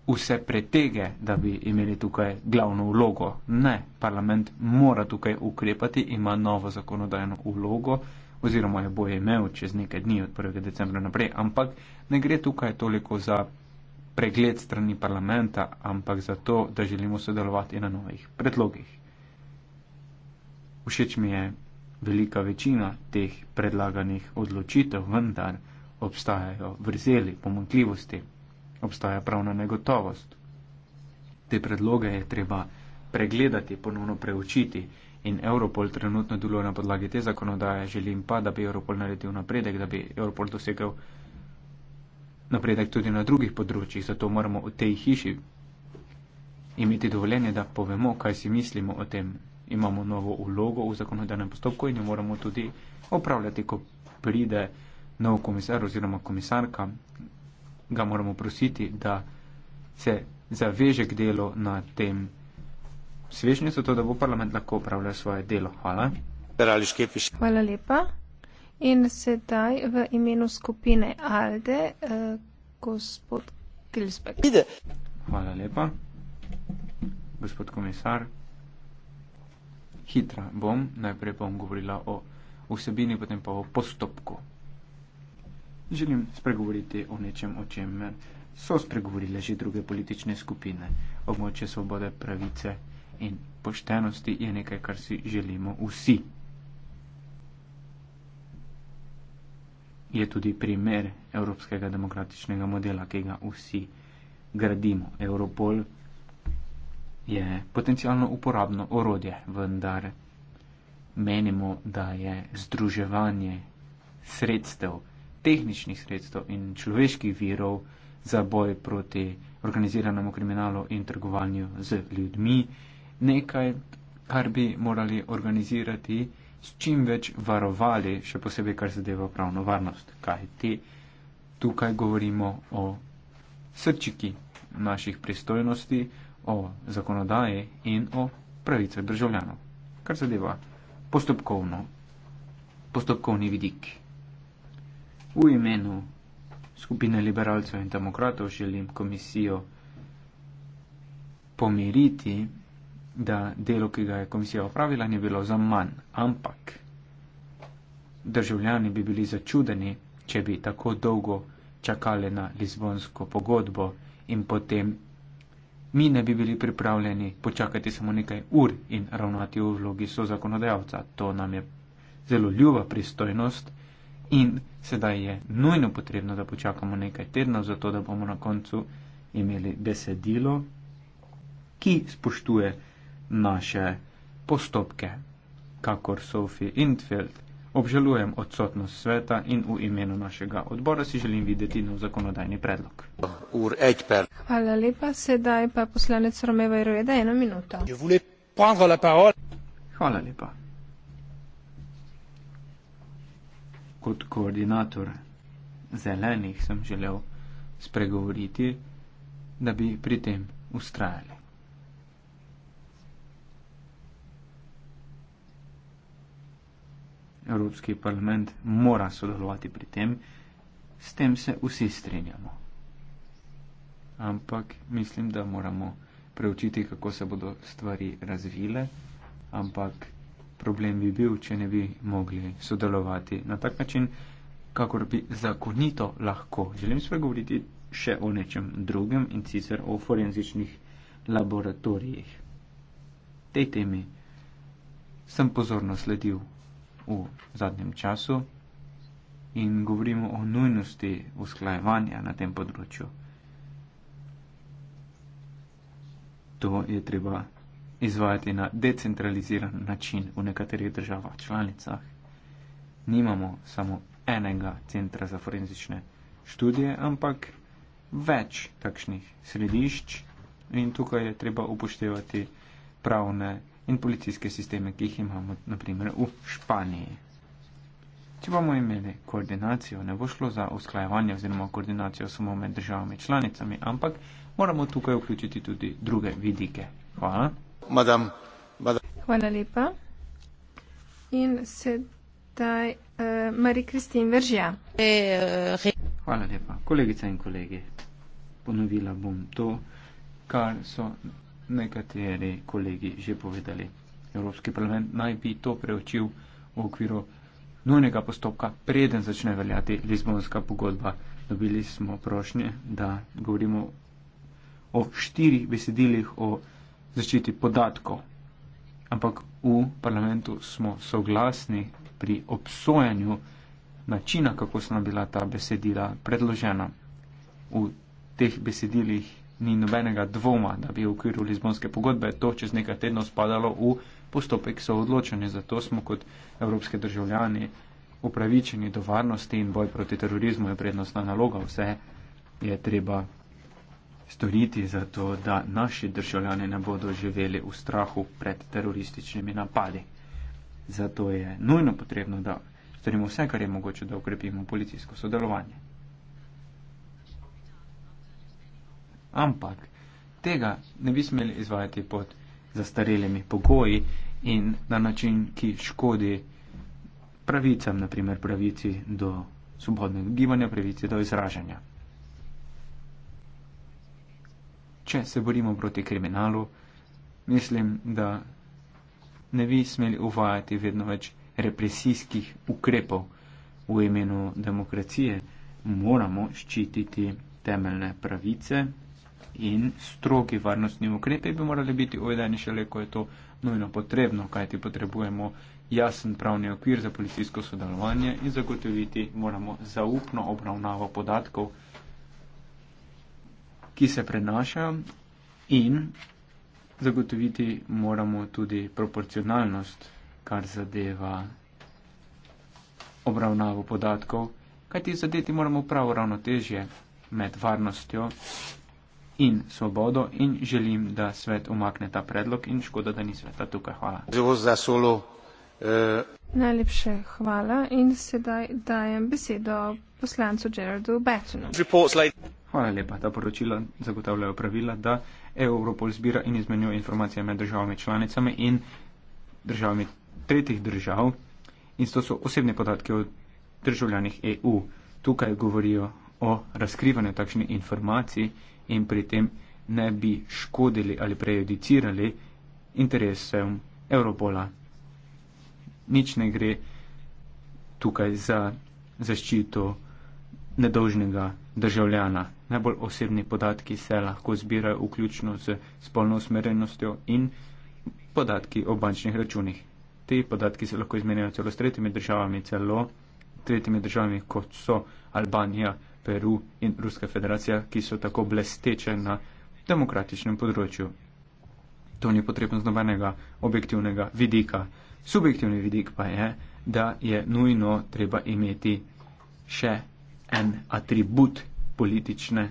vse pretege, da bi imeli tukaj glavno vlogo. Ne, parlament mora tukaj ukrepati, ima novo zakonodajno vlogo oziroma jo bo imel čez nekaj dni od 1. decembra naprej, ampak ne gre tukaj toliko za pregled strani parlamenta, ampak za to, da želimo sodelovati na novih predlogih. Všeč mi je velika večina teh predlaganih odločitev, vendar obstajajo vrzeli, pomankljivosti obstaja pravna negotovost. Te predloge je treba pregledati, ponovno preučiti in Europol trenutno deluje na podlagi te zakonodaje. Želim pa, da bi Europol naredil napredek, da bi Europol dosegel napredek tudi na drugih področjih. Zato moramo v tej hiši imeti dovoljenje, da povemo, kaj si mislimo o tem. Imamo novo ulogo v zakonodajnem postopku in jo moramo tudi opravljati, ko pride nov komisar oziroma komisarka, ga moramo prositi, da se zaveže k delu na tem svežnju, zato da bo parlament lahko upravljal svoje delo. Hvala. Hvala lepa. In sedaj v imenu skupine Alde, eh, gospod Kilsbek. Hvala lepa. Gospod komisar, hitra bom. Najprej bom govorila o vsebini, potem pa o postopku želim spregovoriti o nečem, o čem so spregovorile že druge politične skupine. Območje svobode, pravice in poštenosti je nekaj, kar si želimo vsi. Je tudi primer evropskega demokratičnega modela, ki ga vsi gradimo. Europol je potencijalno uporabno orodje, vendar menimo, da je združevanje sredstev, tehničnih sredstev in človeških virov za boj proti organiziranemu kriminalu in trgovanju z ljudmi, nekaj, kar bi morali organizirati s čim več varovali, še posebej, kar zadeva pravno varnost. Kaj ti? Tukaj govorimo o srčiki naših pristojnosti, o zakonodaji in o pravicah državljanov, kar zadeva postopkovno, postopkovni vidik. V imenu skupine liberalcev in demokratov želim komisijo pomiriti, da delo, ki ga je komisija opravila, ni bilo za manj, ampak državljani bi bili začudeni, če bi tako dolgo čakali na Lizbonsko pogodbo in potem mi ne bi bili pripravljeni počakati samo nekaj ur in ravnati v vlogi so zakonodajalca. To nam je zelo ljuba pristojnost in sedaj je nujno potrebno, da počakamo nekaj tednov, zato da bomo na koncu imeli besedilo, ki spoštuje naše postopke, kakor Sophie Intfeld. Obžalujem odsotnost sveta in v imenu našega odbora si želim videti nov zakonodajni predlog. Hvala lepa, sedaj pa poslanec Romeva Irveda, eno minuto. Hvala lepa. kot koordinator zelenih sem želel spregovoriti, da bi pri tem ustrajali. Evropski parlament mora sodelovati pri tem, s tem se vsi strinjamo. Ampak mislim, da moramo preučiti, kako se bodo stvari razvile, ampak problem bi bil, če ne bi mogli sodelovati na tak način, kakor bi zakonito lahko. Želim spregovoriti še o nečem drugem in sicer o forenzičnih laboratorijih. Tej temi sem pozorno sledil v zadnjem času in govorimo o nujnosti usklajevanja na tem področju. To je treba izvajati na decentraliziran način v nekaterih državah članicah. Nimamo samo enega centra za forenzične študije, ampak več takšnih središč in tukaj je treba upoštevati pravne in policijske sisteme, ki jih imamo naprimer v Španiji. Če bomo imeli koordinacijo, ne bo šlo za usklajevanje oziroma koordinacijo samo med državami članicami, ampak moramo tukaj vključiti tudi druge vidike. Hvala. Hvala lepa. In sedaj uh, Marie-Christine Veržja. Hvala lepa. Kolegice in kolegi, ponovila bom to, kar so nekateri kolegi že povedali. Evropski parlament naj bi to preučil v okviru nujnega postopka, preden začne veljati Lizbonska pogodba. Dobili smo prošnje, da govorimo o štirih besedilih, o zaščiti podatkov. Ampak v parlamentu smo soglasni pri obsojanju načina, kako so nam bila ta besedila predložena. V teh besedilih ni nobenega dvoma, da bi v okviru Lizbonske pogodbe to čez nekaj tednov spadalo v postopek soodločanja. Zato smo kot evropske državljani upravičeni do varnosti in boj proti terorizmu je prednostna naloga. Vse je treba storiti za to, da naši državljani ne bodo živeli v strahu pred terorističnimi napadi. Zato je nujno potrebno, da storimo vse, kar je mogoče, da ukrepimo policijsko sodelovanje. Ampak tega ne bi smeli izvajati pod zastarelimi pogoji in na način, ki škodi pravicam, naprimer pravici do svobodnega gibanja, pravici do izražanja. če se borimo proti kriminalu, mislim, da ne bi smeli uvajati vedno več represijskih ukrepov v imenu demokracije. Moramo ščititi temeljne pravice in strogi varnostni ukrepe bi morali biti uvedeni šele, ko je to nujno potrebno, kajti potrebujemo jasen pravni okvir za policijsko sodelovanje in zagotoviti moramo zaupno obravnavo podatkov ki se prenašajo in zagotoviti moramo tudi proporcionalnost, kar zadeva obravnavo podatkov, kajti zadeti moramo pravo ravnotežje med varnostjo in svobodo in želim, da svet umakne ta predlog in škoda, da ni sveta tukaj. Hvala. Najlepše hvala in sedaj dajem besedo poslancu Gerardu Bettonu. Hvala lepa. Ta poročila zagotavljajo pravila, da Europol zbira in izmenjuje informacije med državami članicami in državami tretjih držav. In to so osebne podatke o državljanih EU. Tukaj govorijo o razkrivanju takšnih informacij in pri tem ne bi škodili ali prejudicirali interesem Europola. Nič ne gre tukaj za zaščito nedolžnega državljana najbolj osebni podatki se lahko zbirajo vključno z spolno usmerjenostjo in podatki o bančnih računih. Ti podatki se lahko izmenjajo celo s tretjimi državami, celo tretjimi državami, kot so Albanija, Peru in Ruska federacija, ki so tako blesteče na demokratičnem področju. To ni potrebno z nobenega objektivnega vidika. Subjektivni vidik pa je, da je nujno treba imeti še en atribut politične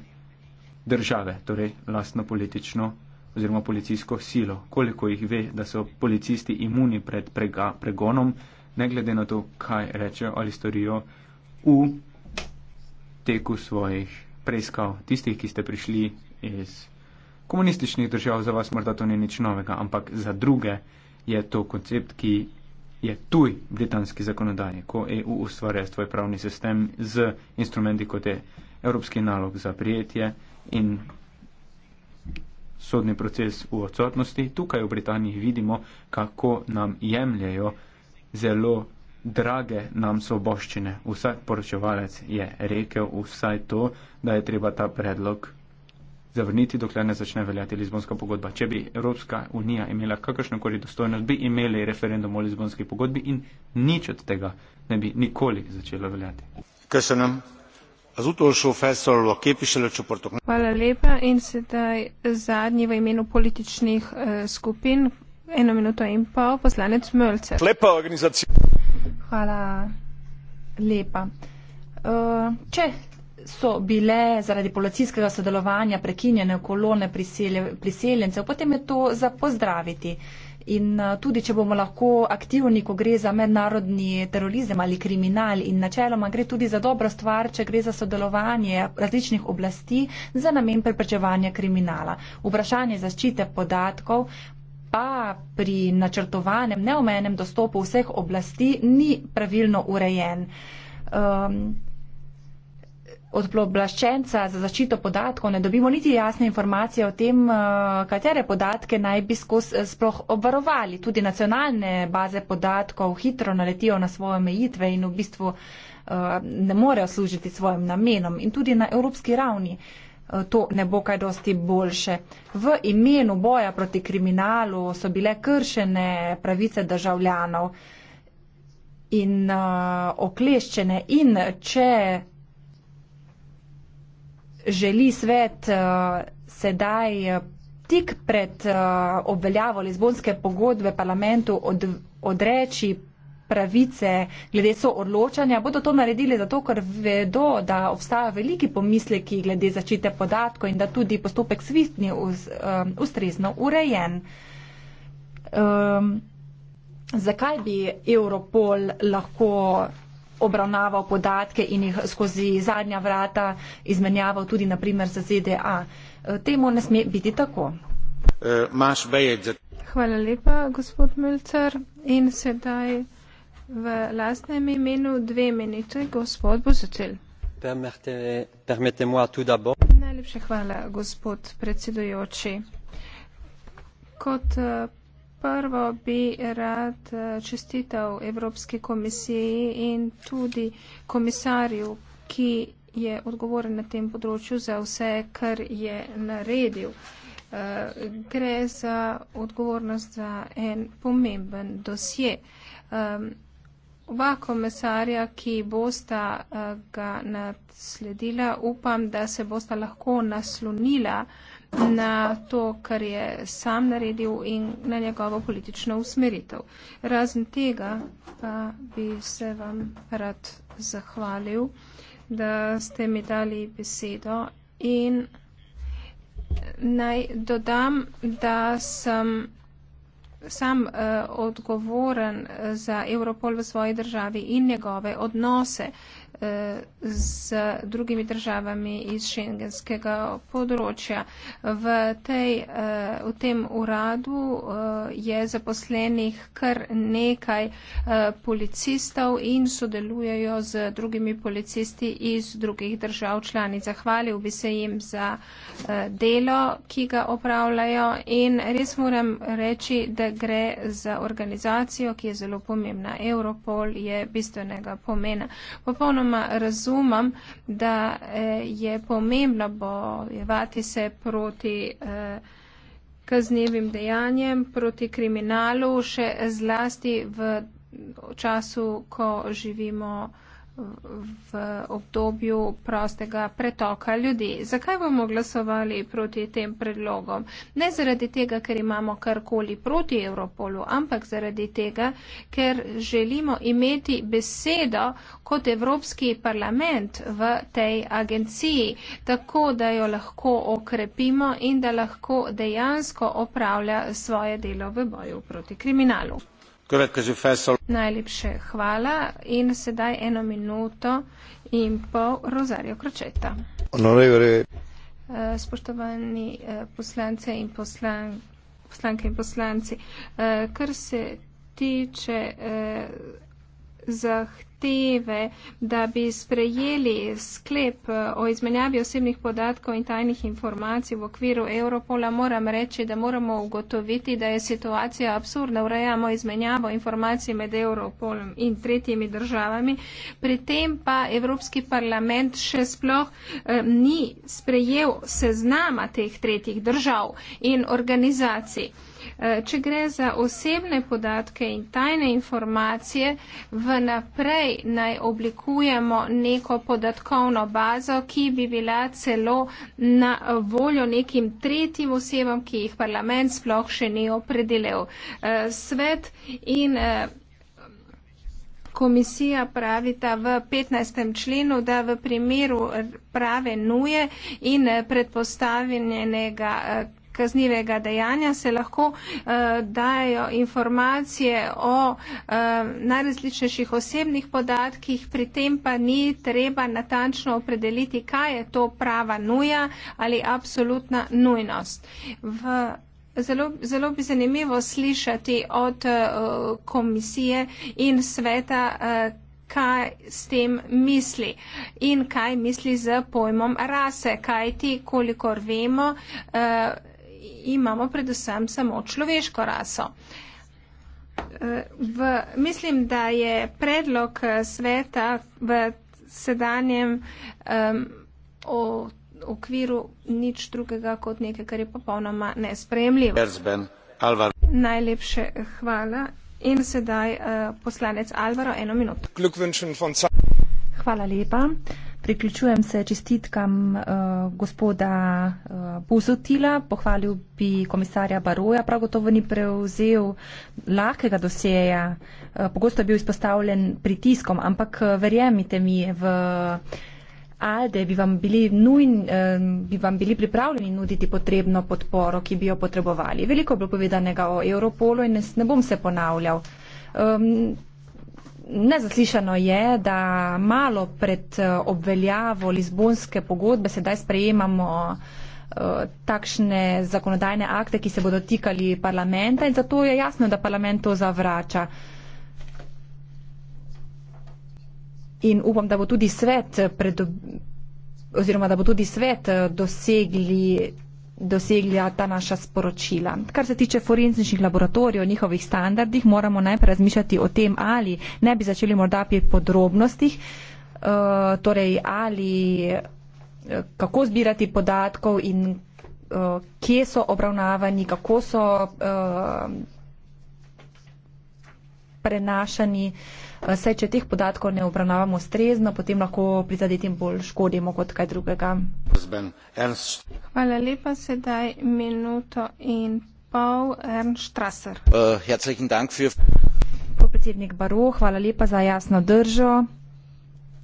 države, torej lastno politično oziroma policijsko silo. Koliko jih ve, da so policisti imuni pred prega, pregonom, ne glede na to, kaj rečejo ali storijo v teku svojih preiskav. Tistih, ki ste prišli iz komunističnih držav, za vas morda to ni nič novega, ampak za druge je to koncept, ki je tuj britanski zakonodaji, ko EU ustvarja svoj pravni sistem z instrumenti, kot je evropski nalog za prijetje in sodni proces v odsotnosti. Tukaj v Britaniji vidimo, kako nam jemljajo zelo drage nam svoboščine. Vsak poročevalec je rekel vsaj to, da je treba ta predlog zavrniti, dokler ne začne veljati Lizbonska pogodba. Če bi Evropska unija imela kakršno koli dostojnost, bi imeli referendum o Lizbonski pogodbi in nič od tega ne bi nikoli začelo veljati. Kaj se nam in sedaj zadnji v imenu političnih eh, skupin eno minuto in pol poslanec mölzer hvala lepa eh, če so bile zaradi policijskega sodelovanja prekinjene kolone priseljencev potem je to za pozdraviti vendar pa je bilo tudi nekaj kritičnega. In eh, tudi, če bomo lahko aktivni, ko gre za mednarodni terorizem ali kriminal in načeloma gre tudi za dobro stvar, če gre za sodelovanje različnih oblasti za namen preprečevanja kriminala. Vprašanje zaščite podatkov pa pri načrtovanem neomenem dostopu vseh oblasti ni pravilno urejen. Um, od plobljaščenca za zaščito podatkov ne dobimo niti jasne informacije o tem, eh, katere podatke naj bi skozi eh, sploh obvarovali. Tudi nacionalne baze podatkov hitro naletijo na svoje mejitve in v bistvu eh, ne morejo služiti svojim namenom. In tudi na evropski ravni to ne bo kaj dosti boljše. V imenu boja proti kriminalu so bile kršene pravice državljanov in uh, okleščene in če želi svet uh, sedaj eh, tik pred uh, obveljavo Lizbonske pogodbe parlamentu od, odreči pravice glede so odločanja. Bodo to naredili zato, ker vedo, da obstaja veliki pomisleki glede začite podatkov in da tudi postopek SWIFT ni uz, um, ustrezno urejen. Um, zakaj bi Europol lahko obravnaval podatke in jih skozi zadnja vrata izmenjaval tudi naprimer za ZDA. E, temu ne sme biti tako. E, hvala lepa, gospod Mülcer. In sedaj v lastnem imenu dve minute, gospod Bozetel. Najlepša hvala, gospod predsedujoči. Kot e, prvo bi rad eh, čestital Evropski komisiji in tudi komisarju, ki je odgovoren na tem področju za vse, kar je naredil. Eh, gre za odgovornost za en pomemben dosje. Ehm, oba komisarja, ki bosta eh, ga nasledila, upam, da se bosta lahko naslonila uh, na to, kar je sam naredil in na njegovo politično usmeritev. Razen tega pa bi se vam rad zahvalil, da ste mi dali besedo in naj dodam, da sem sam eh, odgovoren za Europol v svoji državi in njegove odnose. Eh, z drugimi državami iz šengenskega področja. V, tej, eh, v tem uradu eh, je zaposlenih kar nekaj eh, policistov in sodelujejo z drugimi policisti iz drugih držav članic. Zahvalil bi se jim za delo, ki ga opravljajo in res moram reči, da gre za organizacijo, ki je zelo pomembna. Europol je bistvenega pomena. Popolno popolnoma razumem, da eh, je pomembno bojevati se proti eh, kaznevim dejanjem, proti kriminalu, še zlasti v času, ko živimo v obdobju prostega pretoka ljudi. Zakaj bomo glasovali proti tem predlogom? Ne zaradi tega, ker imamo karkoli proti Evropolu, ampak zaradi tega, ker želimo imeti besedo kot Evropski parlament v tej agenciji, tako da jo lahko okrepimo in da lahko dejansko opravlja svoje delo v boju proti kriminalu. Najlepše hvala. In sedaj eno minuto in pol Rozarjo Kročeta. Eh, spoštovani eh, poslance in poslan, poslanke in poslanci, eh, kar se tiče zahteve, da bi sprejeli sklep eh, o izmenjavi osebnih podatkov in tajnih informacij v okviru Europola, moram reči, da moramo ugotoviti, da je situacija absurdna. Urejamo izmenjavo informacij med Europolom in tretjimi državami. Pri tem pa Evropski parlament še sploh eh, ni sprejel seznama teh tretjih držav in organizacij. Eh, če gre za osebne podatke in tajne informacije, vnaprej naj oblikujemo neko podatkovno bazo, ki bi bila celo na voljo nekim tretjim osebam, ki jih parlament sploh še ni opredelil. Eh, svet in eh, komisija pravita v 15. členu, da v primeru prave nuje in predpostavljenega kaznivega dejanja, se lahko uh, eh, dajo informacije o uh, najrazličnejših osebnih podatkih, pri tem pa ni treba natančno opredeliti, kaj je to prava nuja ali absolutna nujnost. V Zelo, zelo bi zanimivo slišati od uh, komisije in sveta, uh, kaj s tem misli in kaj misli z pojmom rase, kajti, kolikor vemo, uh, imamo predvsem samo človeško raso. V, mislim, da je predlog eh, sveta v sedanjem um, o okviru nič drugega kot nekaj, kar je popolnoma nesprejemljivo. Erzben, Najlepše hvala. In sedaj uh, poslanec Alvaro, eno minuto. Hvala lepa. Uh, Priključujem se čestitkam uh, gospoda uh, eh, Buzotila, pohvalil bi komisarja Baroja, prav gotovo ni prevzel lahkega dosjeja, uh, eh, pogosto je bil izpostavljen pritiskom, ampak uh, verjemite mi, v ALDE bi vam, bili nujn, uh, bi vam bili pripravljeni nuditi potrebno podporo, ki bi jo potrebovali. Veliko je bilo povedanega o Europolu in ne, ne bom se ponavljal. Um, Nezaslišano je, da malo pred eh, obveljavo Lizbonske pogodbe sedaj sprejemamo eh, takšne zakonodajne akte, ki se bodo tikali parlamenta in zato je jasno, da parlament to zavrača. In upam, da bo tudi svet, predob... oziroma da bo tudi svet eh, dosegli dosegla ta naša sporočila. Kar se tiče forenzičnih laboratorijev, njihovih standardih, moramo najprej razmišljati o tem, ali ne bi začeli morda pri podrobnostih, eh, torej ali eh, kako zbirati podatkov in eh, kje so obravnavani, kako so prenašani. Eh, saj, če teh podatkov ne obravnavamo strezno, potem lahko prizadetim bolj škodimo kot kaj drugega. Hvala lepa, sedaj minuto in pol, Ernst Strasser. Uh, eh, Popredsednik Baro, hvala lepa za jasno držo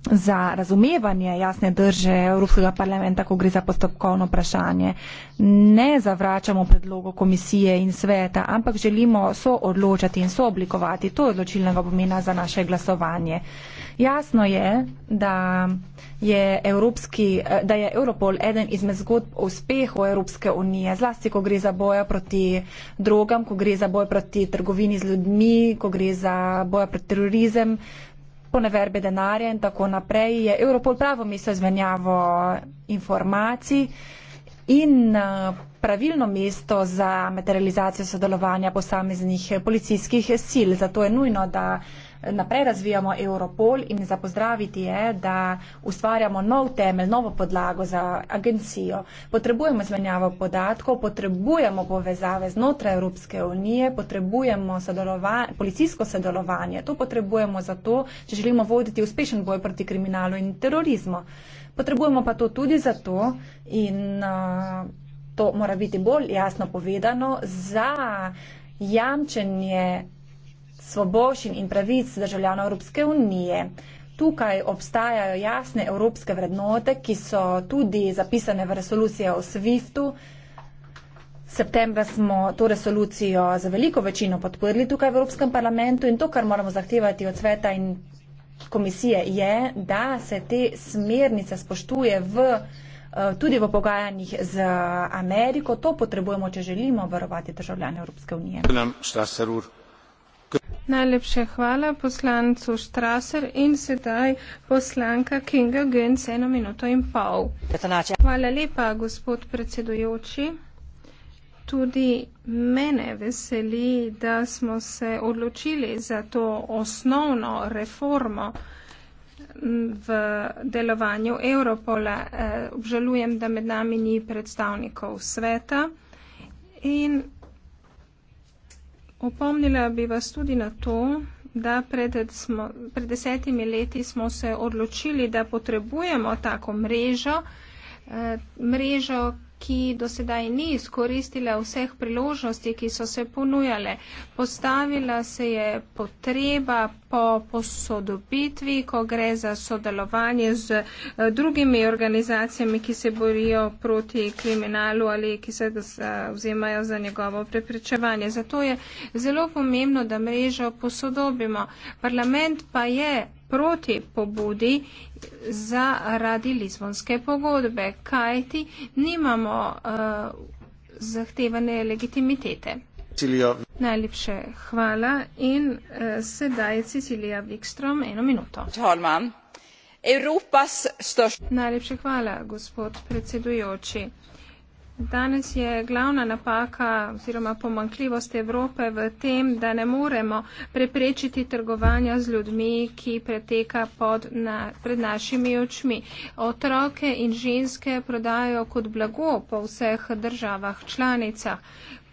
za razumevanje jasne drže Evropskega parlamenta, ko gre za postopkovno vprašanje. Ne zavračamo predlogo komisije in sveta, ampak želimo soodločati in sooblikovati. To je odločilnega pomena za naše glasovanje. Jasno je, da je, Evropski, da je Europol eden izmed zgodb o uspehu Evropske unije, zlasti ko gre za boja proti drogam, ko gre za boj proti trgovini z ljudmi, ko gre za boja proti terorizem poneverbe denarja in tako naprej, je Europol pravo mesto izmenjavo informacij in eh, pravilno mesto za materializacijo sodelovanja posameznih policijskih sil. Zato je nujno, da naprej razvijamo Europol in za pozdraviti je, da ustvarjamo nov temelj, novo podlago za agencijo. Potrebujemo zmenjavo podatkov, potrebujemo povezave znotraj Evropske unije, potrebujemo sodelovanje, policijsko sodelovanje. To potrebujemo zato, če želimo voditi uspešen boj proti kriminalu in terorizmu. Potrebujemo pa to tudi zato in uh, to mora biti bolj jasno povedano za jamčenje svoboščin in pravic državljanov Evropske unije. Tukaj obstajajo jasne evropske vrednote, ki so tudi zapisane v resoluciji o SWIFT-u. Septembra smo to resolucijo za veliko večino podprli tukaj v Evropskem parlamentu in to, kar moramo zahtevati od sveta in komisije, je, da se te smernice spoštuje v, eh, tudi v pogajanjih z Ameriko. To potrebujemo, če želimo varovati državljane Evropske unije. Hvala. Najlepše hvala poslancu Štraser in sedaj poslanka Kinga Genz eno minuto in pol. Hvala lepa, gospod predsedujoči. Tudi mene veseli, da smo se odločili za to osnovno reformo v delovanju Europola. Eh, obžalujem, da med nami ni predstavnikov sveta. In Opomnila bi vas tudi na to, da pred, smo, pred desetimi leti smo se odločili, da potrebujemo tako mrežo, eh, mrežo, ki do sedaj ni izkoristila vseh priložnosti, ki so se ponujale. Postavila se je potreba po posodobitvi, ko gre za sodelovanje z eh, drugimi organizacijami, ki se borijo proti kriminalu ali ki se vzemajo za njegovo preprečevanje. Zato je zelo pomembno, da mrežo posodobimo. Parlament pa je proti pobudi za radi Lizbonske pogodbe, kajti nimamo uh, zahtevane legitimitete. Cecilio. Najlepše hvala in uh, sedaj Cecilija Wikstrom eno minuto. Najlepše hvala, gospod predsedujoči. Danes je glavna napaka oziroma pomankljivost Evrope v tem, da ne moremo preprečiti trgovanja z ljudmi, ki preteka pod, na, pred našimi očmi. Otroke in ženske prodajo kot blago po vseh državah članicah.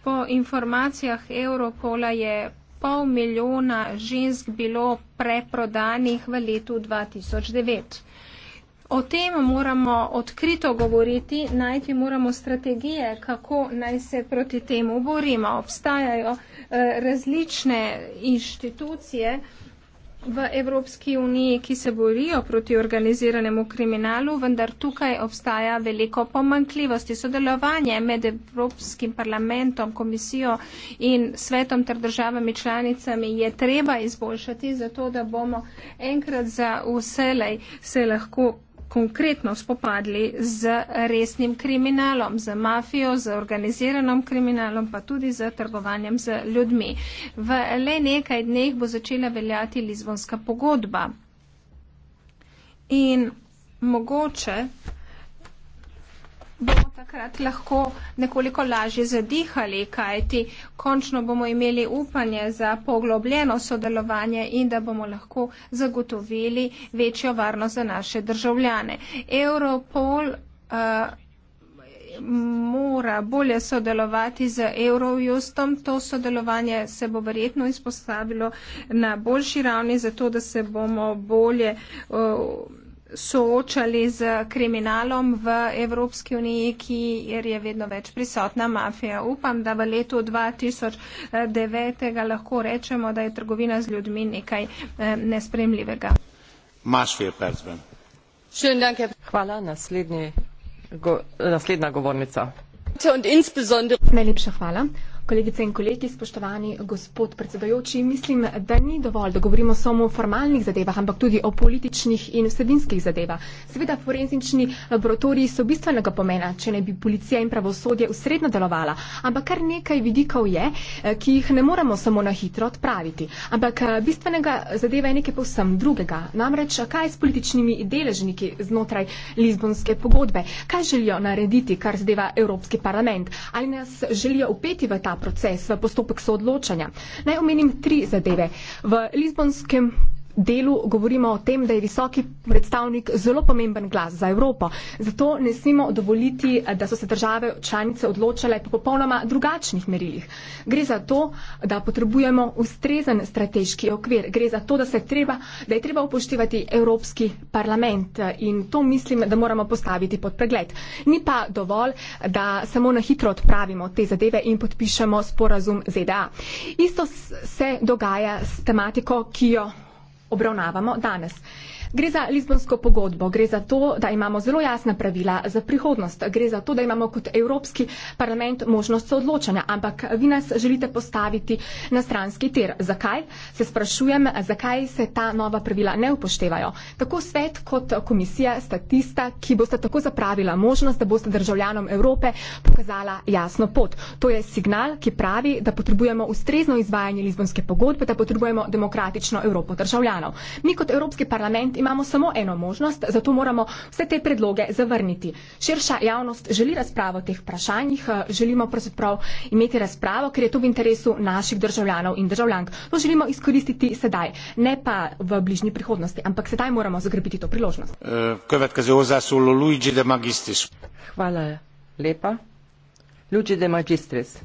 Po informacijah Europola je pol milijona žensk bilo preprodanih v letu 2009. O tem moramo odkrito govoriti, najti moramo strategije, kako naj se proti temu borimo. Obstajajo eh, različne inštitucije v Evropski uniji, ki se borijo proti organiziranemu kriminalu, vendar tukaj obstaja veliko pomankljivosti. Sodelovanje med Evropskim parlamentom, komisijo in svetom ter državami članicami je treba izboljšati, zato da bomo enkrat za vselej se lahko konkretno spopadli z resnim kriminalom, z mafijo, z organiziranim kriminalom, pa tudi z trgovanjem z ljudmi. V le nekaj dneh bo začela veljati Lizbonska pogodba. In mogoče bomo takrat lahko nekoliko lažje zadihali, kajti končno bomo imeli upanje za poglobljeno sodelovanje in da bomo lahko zagotovili večjo varnost za naše državljane. Europol uh, mora bolje sodelovati z Eurojustom. To sodelovanje se bo verjetno izpostavilo na boljši ravni, zato da se bomo bolje. Uh, soočali z kriminalom v Evropski uniji, kjer je vedno več prisotna mafija. Upam, da v letu 2009 lahko rečemo, da je trgovina z ljudmi nekaj eh, nespremljivega. Hvala. Naslednja govornica. Najlepša hvala. Kolegice in kolegi, spoštovani gospod predsedujoči, mislim, da ni dovolj, da govorimo samo o formalnih zadevah, ampak tudi o političnih in vsebinskih zadevah. Seveda, forenzični laboratoriji so bistvenega pomena, če ne bi policija in pravosodje usredno delovala, ampak kar nekaj vidikov je, eh, ki jih ne moremo samo na hitro odpraviti. Ampak eh, bistvenega zadeva je nekaj povsem drugega. Namreč, kaj je s političnimi deležniki znotraj Lizbonske pogodbe? Kaj želijo narediti, kar zadeva Evropski parlament? Ali nas želijo upeti v ta proces, v postopek soodločanja. Naj omenim tri zadeve. V Lizbonskem delu govorimo o tem, da je visoki predstavnik zelo pomemben glas za Evropo. Zato ne smemo dovoliti, da so se države članice odločale po popolnoma drugačnih merilih. Gre za to, da potrebujemo ustrezen strateški okvir. Gre za to, da, treba, da je treba upoštevati Evropski parlament eh, in to mislim, da moramo postaviti pod pregled. Ni pa dovolj, da samo na hitro odpravimo te zadeve in podpišemo sporazum ZDA. Isto se dogaja s tematiko, ki jo obravnavamo danes. Gre za Lizbonsko pogodbo, gre za to, da imamo zelo jasna pravila za prihodnost, gre za to, da imamo kot Evropski parlament možnost soodločanja, ampak vi nas želite postaviti na stranski ter. Zakaj? Se sprašujem, zakaj se ta nova pravila ne upoštevajo. Tako svet kot komisija statista, ki boste tako zapravila možnost, da boste državljanom Evrope pokazala jasno pot. To je signal, ki pravi, da potrebujemo ustrezno izvajanje Lizbonske pogodbe, da potrebujemo demokratično Evropo državljanov. Mi kot Evropski parlament imamo samo eno možnost, zato moramo vse te predloge zavrniti. Širša javnost želi razpravo o teh vprašanjih, eh, želimo pravzaprav imeti razpravo, ker je to v interesu naših državljanov in državljank. To želimo izkoristiti sedaj, ne pa v bližnji prihodnosti, ampak sedaj moramo zagrebiti to priložnost. Eh, Hvala lepa. Luči de magistris.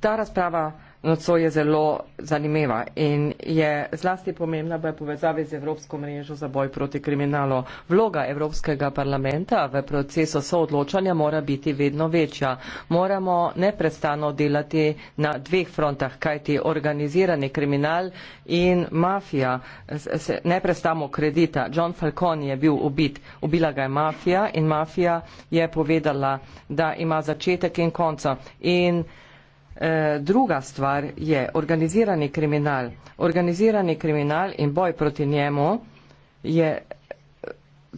Ta razprava nocoj je zelo zanimiva in je zlasti pomembna v povezavi z Evropsko mrežo za boj proti kriminalu. Vloga Evropskega parlamenta v procesu soodločanja mora biti vedno večja. Moramo neprestano delati na dveh frontah, kajti organizirani kriminal in mafija se neprestano kredita. John Falcon je bil ubit, ubila ga je mafija in mafija je povedala, da ima začetek in konca. In Eh, druga stvar je organizirani kriminal. Organizirani kriminal in boj proti njemu je eh,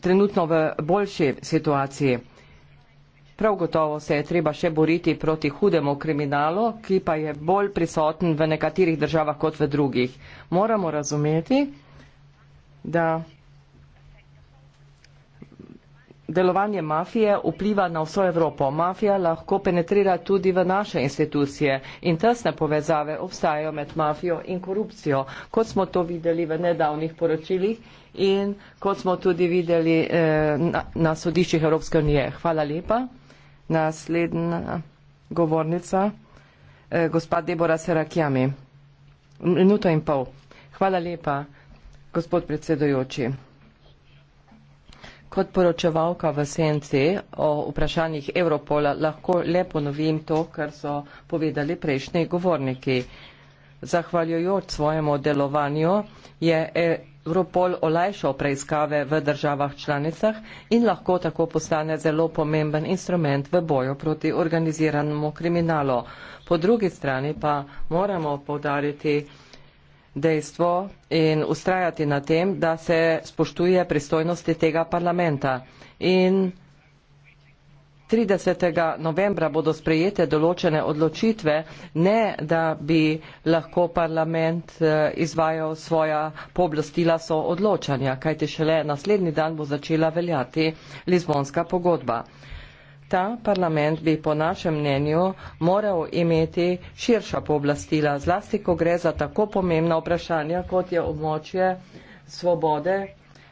trenutno v boljši situaciji. Prav gotovo se je treba še boriti proti hudemu kriminalu, ki pa je bolj prisoten v nekaterih državah kot v drugih. Moramo razumeti, da delovanje mafije vpliva na vso Evropo. Mafija lahko penetrira tudi v naše institucije in tesne povezave obstajajo med mafijo in korupcijo, kot smo to videli v nedavnih poročilih in kot smo tudi videli eh, na sodiščih Evropske unije. Hvala lepa. Naslednja govornica, eh, gospod Debora Serakjami. Minuto in pol. Hvala lepa, gospod predsedojoči. Kot poročevalka v SNC o vprašanjih Evropola lahko le ponovim to, kar so povedali prejšnji govorniki. Zahvaljujoč svojemu delovanju je Evropol olajšal preiskave v državah članicah in lahko tako postane zelo pomemben instrument v boju proti organiziranemu kriminalu. Po drugi strani pa moramo podariti dejstvo in ustrajati na tem, da se spoštuje pristojnosti tega parlamenta. In 30. novembra bodo sprejete določene odločitve, ne da bi lahko parlament eh, izvajal svoja pooblastila so odločanja, kajte šele naslednji dan bo začela veljati Lizbonska pogodba. Ta parlament bi po našem mnenju moral imeti širša pooblastila, zlasti ko gre za tako pomembna vprašanja, kot je območje svobode,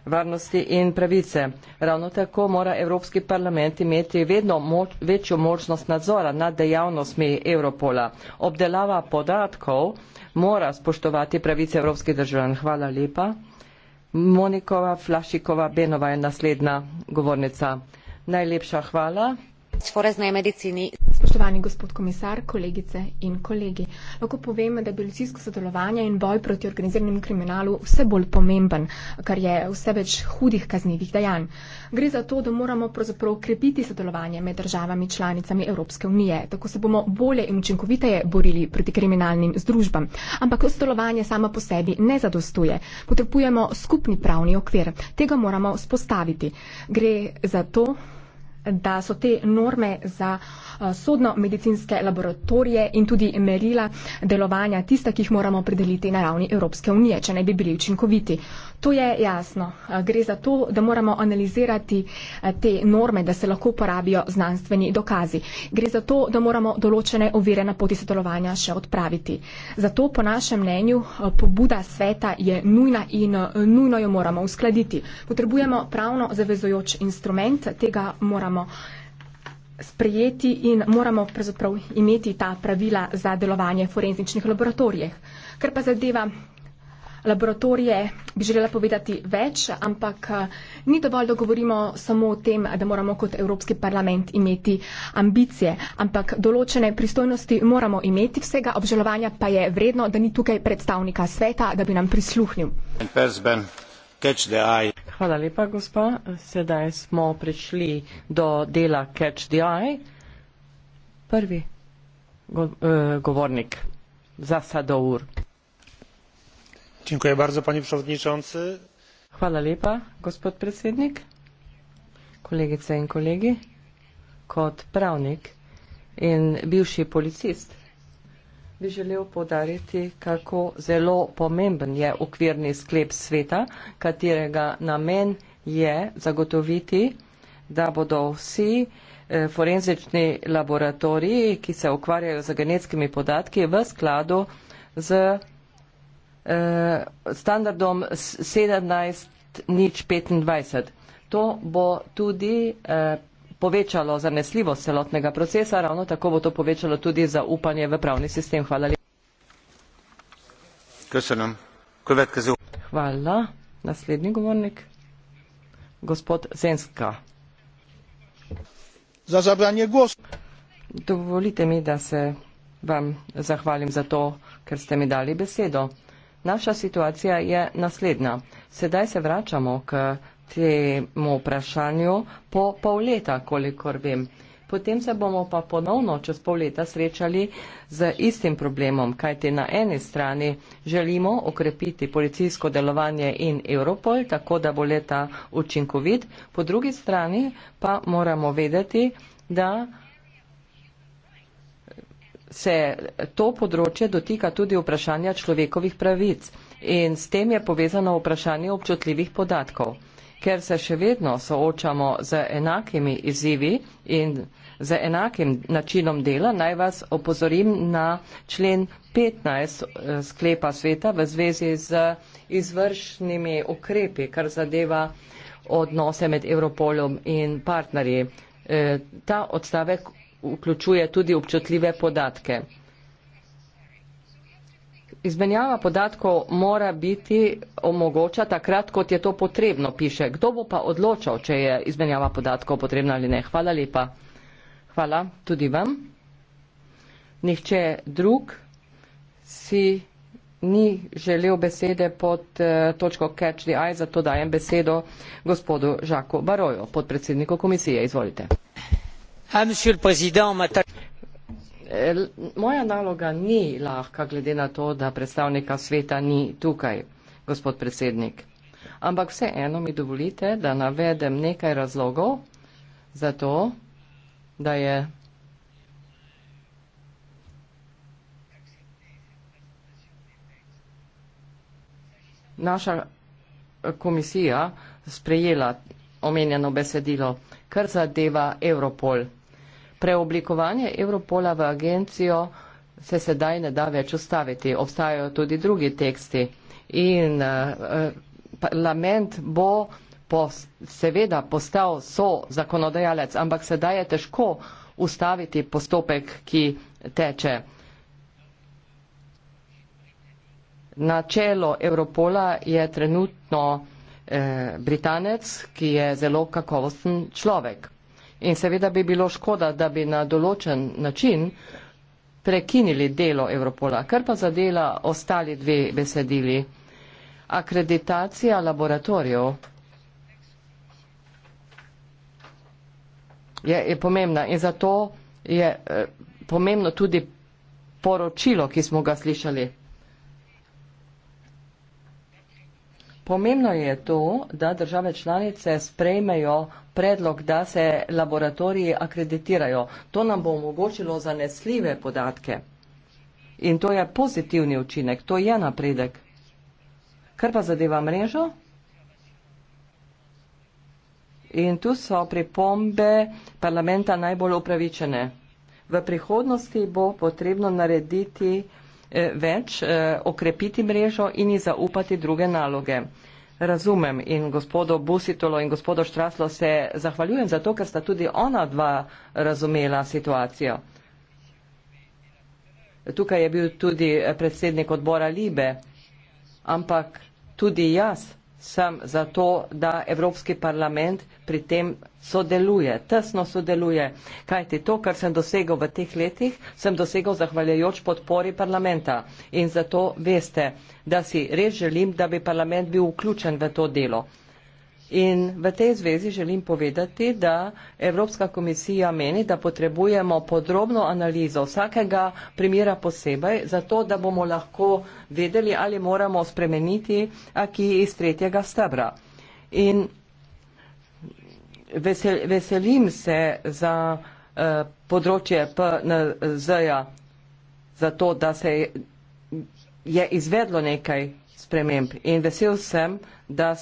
varnosti in pravice. Ravno tako mora Evropski parlament imeti vedno moč, večjo možnost nadzora nad dejavnostmi Evropola. Obdelava podatkov mora spoštovati pravice Evropskih državljanov. Hvala lepa. Monikova Flašikova Benova je naslednja govornica najlepša hvala. Spoštovani gospod komisar, kolegice in kolegi. Lahko povem, da je policijsko sodelovanje in boj proti organiziranemu kriminalu vse bolj pomemben, kar je vse več hudih kaznivih dejanj. Gre za to, da moramo pravzaprav krepiti sodelovanje med državami članicami Evropske unije. Tako se bomo bolje in učinkoviteje borili proti kriminalnim združbam. Ampak sodelovanje samo po sebi ne zadostuje. Potrebujemo skupni pravni okvir. Tega moramo spostaviti. Gre za to, da so te norme za eh, sodno-medicinske laboratorije in tudi merila delovanja tista, ki jih moramo opredeliti na ravni Evropske unije, če naj bi bili učinkoviti. To je jasno. Eh, gre za to, da moramo analizirati eh, te norme, da se lahko uporabijo znanstveni dokazi. Gre za to, da moramo določene ovire na poti sodelovanja še odpraviti. Zato po našem mnenju pobuda sveta je nujna in nujno jo moramo uskladiti. Potrebujemo pravno zavezojoč instrument, tega moramo moramo sprejeti in moramo imeti ta pravila za delovanje forenzičnih laboratorijev. Ker pa zadeva laboratorije, bi želela povedati več, ampak eh, ni dovolj, da govorimo samo o tem, da moramo kot Evropski parlament imeti ambicije, ampak določene pristojnosti moramo imeti vsega, obžalovanja pa je vredno, da ni tukaj predstavnika sveta, da bi nam prisluhnil. Catch the Eye. Hvala lepa, gospa. Sedaj smo prišli do dela Catch the Eye. Prvi go, uh, govornik za Sadour. Dziękuję bardzo, panie przewodniczący. Hvala lepa, gospod predsednik. Kolegice in kolegi, kot pravnik in bivši policist bi želel podariti, kako zelo pomemben je ukvirni sklep sveta, katerega namen je zagotoviti, da bodo vsi eh, forenzični laboratoriji, ki se ukvarjajo z genetskimi podatki, v skladu z eh, standardom 17.025. To bo tudi eh, povečalo zanesljivost celotnega procesa, ravno tako bo to povečalo tudi zaupanje v pravni sistem. Hvala lepa. Hvala. Naslednji govornik. Gospod Zenska. Za zabranje gost. Dovolite mi, da se vam zahvalim za to, ker ste mi dali besedo. Naša situacija je naslednja. Sedaj se vračamo k temu vprašanju po pol leta, kolikor vem. Potem se bomo pa ponovno čez pol leta srečali z istim problemom, kajte na eni strani želimo okrepiti policijsko delovanje in Europol, tako da bo leta učinkovit, po drugi strani pa moramo vedeti, da se to področje dotika tudi vprašanja človekovih pravic in s tem je povezano vprašanje občutljivih podatkov ker se še vedno soočamo z enakimi izzivi in z enakim načinom dela, naj vas opozorim na člen 15 eh, sklepa sveta v zvezi z izvršnimi ukrepi, kar zadeva odnose med Evropolom in partnerji. Eh, ta odstavek vključuje tudi občutljive podatke. Izmenjava podatkov mora biti omogoča takrat, kot je to potrebno, piše. Kdo bo pa odločal, če je izmenjava podatkov potrebna ali ne? Hvala lepa. Hvala tudi vam. Nihče drug si ni želel besede pod eh, točko Catch the Eye, zato dajem besedo gospodu Žaku Baroju, podpredsedniku komisije. Izvolite. Ah, Eh, moja naloga ni lahka, glede na to, da predstavnika sveta ni tukaj, gospod predsednik. Ampak vseeno mi dovolite, da navedem nekaj razlogov za to, da je. Naša komisija sprejela omenjeno besedilo, kar zadeva Europol. Preoblikovanje Evropola v agencijo se sedaj ne da več ustaviti. Obstajajo tudi drugi teksti. In eh, eh, parlament bo seveda postal so zakonodajalec, ampak sedaj je težko ustaviti postopek, ki teče. Načelo Evropola je trenutno eh, Britanec, ki je zelo kakovosten človek. In seveda bi bilo škoda, da bi na določen način prekinili delo Evropola. Kar pa zadela ostali dve besedili. Akreditacija laboratorijev je, je pomembna in zato je eh, pomembno tudi poročilo, ki smo ga slišali. Pomembno je to, da države članice sprejmejo predlog, da se laboratoriji akreditirajo. To nam bo omogočilo zanesljive podatke. In to je pozitivni učinek, to je napredek. Kar pa zadeva mrežo? In tu so pripombe parlamenta najbolj upravičene. V prihodnosti bo potrebno narediti več, eh, okrepiti mrežo in ji zaupati druge naloge. Razumem in gospodo Busitolo in gospodo Štraslo se zahvaljujem za to, ker sta tudi ona dva razumela situacijo. Tukaj je bil tudi eh, predsednik odbora Libe, ampak tudi jaz sem zato, da Evropski parlament pri tem sodeluje, tesno sodeluje, kajti to, kar sem dosegel v teh letih, sem dosegel zahvaljujoč podpori parlamenta in zato veste, da si res želim, da bi parlament bil vključen v to delo. In v tej zvezi želim povedati, da Evropska komisija meni, da potrebujemo podrobno analizo vsakega primera posebej, zato da bomo lahko vedeli, ali moramo spremeniti aki iz tretjega stebra. In vesel, veselim se za uh, področje PNZ-ja, zato da se je izvedlo nekaj sprememb. In vesel sem, da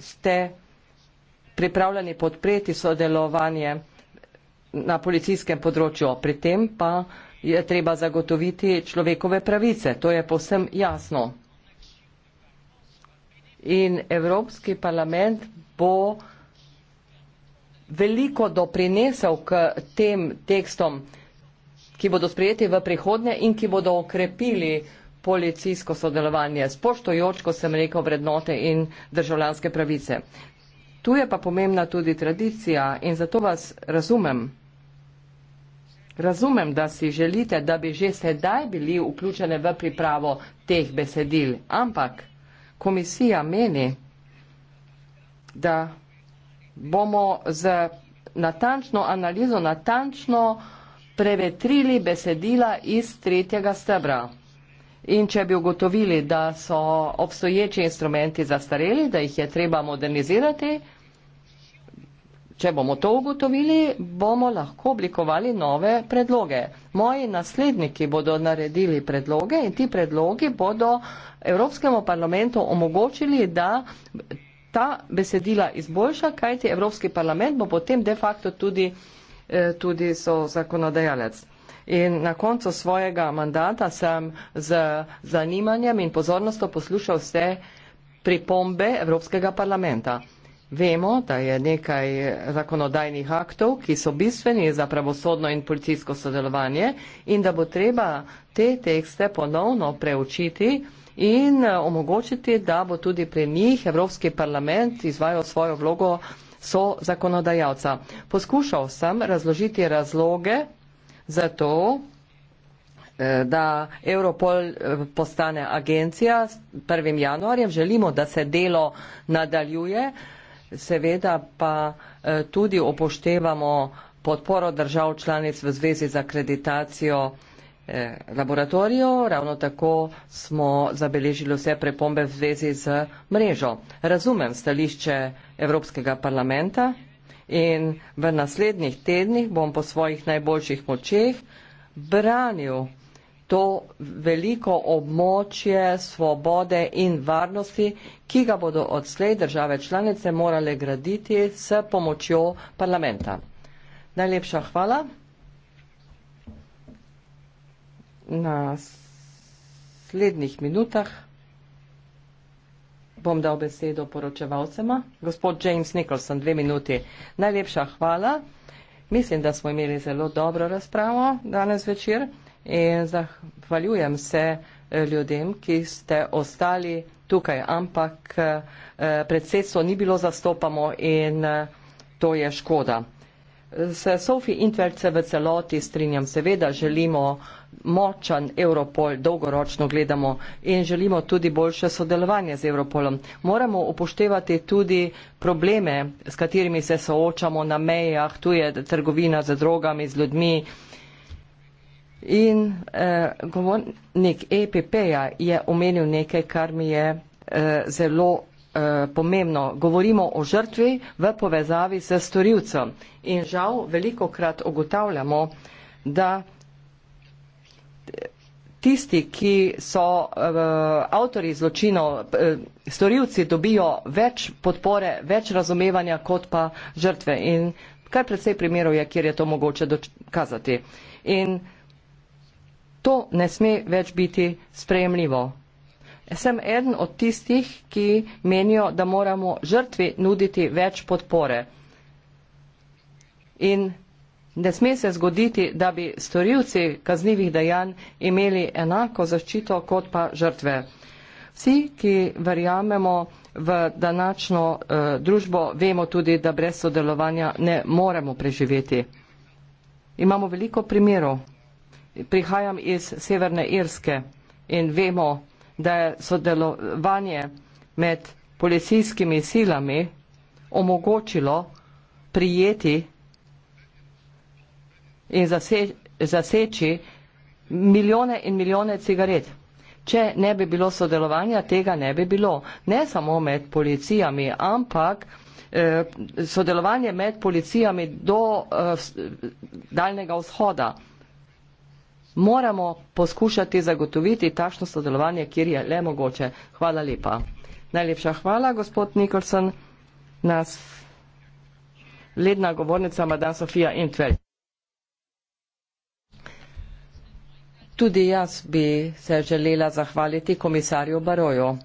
ste pripravljeni podpreti sodelovanje na policijskem področju, pri tem pa je treba zagotoviti človekove pravice, to je povsem jasno. In Evropski parlament bo veliko doprinesel k tem tekstom, ki bodo sprejeti v prihodnje in ki bodo okrepili mm policijsko sodelovanje, spoštojoč, ko sem rekel, vrednote in državljanske pravice. Tu je pa pomembna tudi tradicija in zato vas razumem. Razumem, da si želite, da bi že sedaj bili vključene v pripravo teh besedil, ampak komisija meni, da bomo z natančno analizo, natančno prevetrili besedila iz tretjega stebra. In če bi ugotovili, da so obstoječi instrumenti zastareli, da jih je treba modernizirati, če bomo to ugotovili, bomo lahko oblikovali nove predloge. Moji nasledniki bodo naredili predloge in ti predlogi bodo Evropskemu parlamentu omogočili, da ta besedila izboljša, kajti Evropski parlament bo potem de facto tudi, eh, tudi so zakonodajalec. In na koncu svojega mandata sem z zanimanjem in pozornostjo poslušal vse pripombe Evropskega parlamenta. Vemo, da je nekaj zakonodajnih aktov, ki so bistveni za pravosodno in policijsko sodelovanje in da bo treba te tekste ponovno preučiti in omogočiti, da bo tudi pri njih Evropski parlament izvajal svojo vlogo so zakonodajalca. Poskušal sem razložiti razloge zato, eh, da Europol eh, postane agencija s 1. januarjem. Želimo, da se delo nadaljuje, seveda pa eh, tudi upoštevamo podporo držav članic v zvezi z akreditacijo laboratorijo, ravno tako smo zabeležili vse prepombe v zvezi z mrežo. Razumem stališče Evropskega parlamenta. In v naslednjih tednih bom po svojih najboljših močeh branil to veliko območje svobode in varnosti, ki ga bodo odslej države članice morale graditi s pomočjo parlamenta. Najlepša hvala. Na slednjih minutah bom dal besedo poročevalcema. Gospod James Nicholson, dve minuti. Najlepša hvala. Mislim, da smo imeli zelo dobro razpravo danes večer in zahvaljujem se eh, ljudem, ki ste ostali tukaj, ampak eh, predsedstvo ni bilo zastopamo in eh, to je škoda. Se Sofi Intverce v celoti strinjam, seveda želimo uh, močan Evropol, dolgoročno gledamo in želimo tudi boljše sodelovanje z Evropolom. Moramo upoštevati tudi probleme, s katerimi se soočamo na mejah, tu je trgovina z drogami, z ljudmi. In eh, govornik EPP-ja je omenil nekaj, kar mi je eh, zelo eh, pomembno. Govorimo o žrtvi v povezavi s storilcem in žal veliko krat ugotavljamo, da tisti, ki so uh, avtori zločinov, uh, storilci dobijo več podpore, več razumevanja kot pa žrtve. In kar predvsej primerov je, kjer je to mogoče dokazati. In to ne sme več biti sprejemljivo. Sem eden od tistih, ki menijo, da moramo žrtvi nuditi več podpore. In Ne sme se zgoditi, da bi storilci kaznjivih dejanj imeli enako zaščito kot pa žrtve. Vsi, ki verjamemo v današnjo eh, družbo, vemo tudi, da brez sodelovanja ne moremo preživeti. Imamo veliko primerov. Prihajam iz Severne Irske in vemo, da je sodelovanje med policijskimi silami omogočilo prijeti in zase, zaseči milijone in milijone cigaret. Če ne bi bilo sodelovanja, tega ne bi bilo. Ne samo med policijami, ampak eh, sodelovanje med policijami do eh, daljnega vzhoda. Moramo poskušati zagotoviti takšno sodelovanje, kjer je le mogoče. Hvala lepa. Najlepša hvala, gospod Nikolson. Nas ledna govornica, madame Sofija Intveld. Tudi jaz bi se želela zahvaliti komisarju Baroju.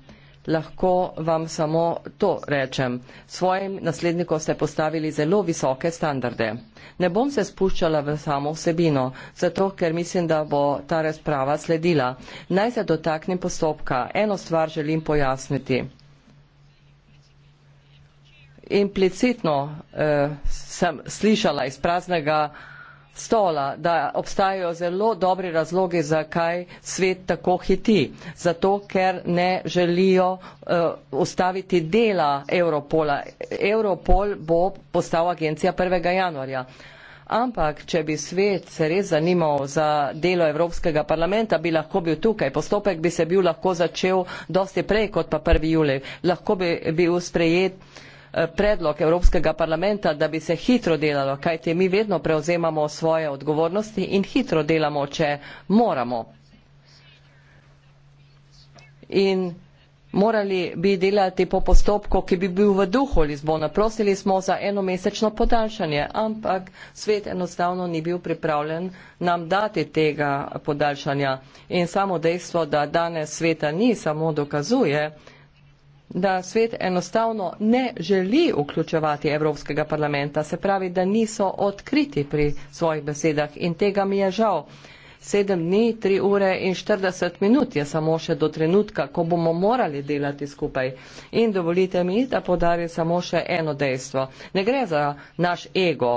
Lahko vam samo to rečem. Svojim naslednikom ste postavili zelo visoke standarde. Ne bom se spuščala v samo vsebino, zato ker mislim, da bo ta razprava sledila. Naj se dotaknem postopka. Eno stvar želim pojasniti. Implicitno eh, sem slišala iz praznega stola da obstajajo zelo dobri razlogi zakaj svet tako hiti zato ker ne želijo uh, ustaviti dela europola europol bo postal agencija prvega januarja Ampak, če bi svet se res zanimal za delo Evropskega parlamenta, bi lahko bil tukaj. Postopek bi se bil lahko začel dosti prej kot pa 1. julij. Lahko bi bil sprejet uh, Eh, predlog evropskega parlamenta da bi se hitro delalo kajti mi vedno prevzemamo svoje odgovornosti in hitro delamo če moramo in morali bi delati po postopku ki bi bil v duhu lizbona prosili smo za enomesečno podaljšanje ampak svet enostavno ni bil pripravljen nam dati tega podaljšanja in samo dejstvo da danes sveta ni samo dokazuje da svet enostavno ne želi vključevati Evropskega parlamenta, se pravi, da niso odkriti pri svojih besedah in tega mi je žal. Sedem dni, tri ure in 40 minut je samo še do trenutka, ko bomo morali delati skupaj. In dovolite mi, da podarim samo še eno dejstvo. Ne gre za naš ego,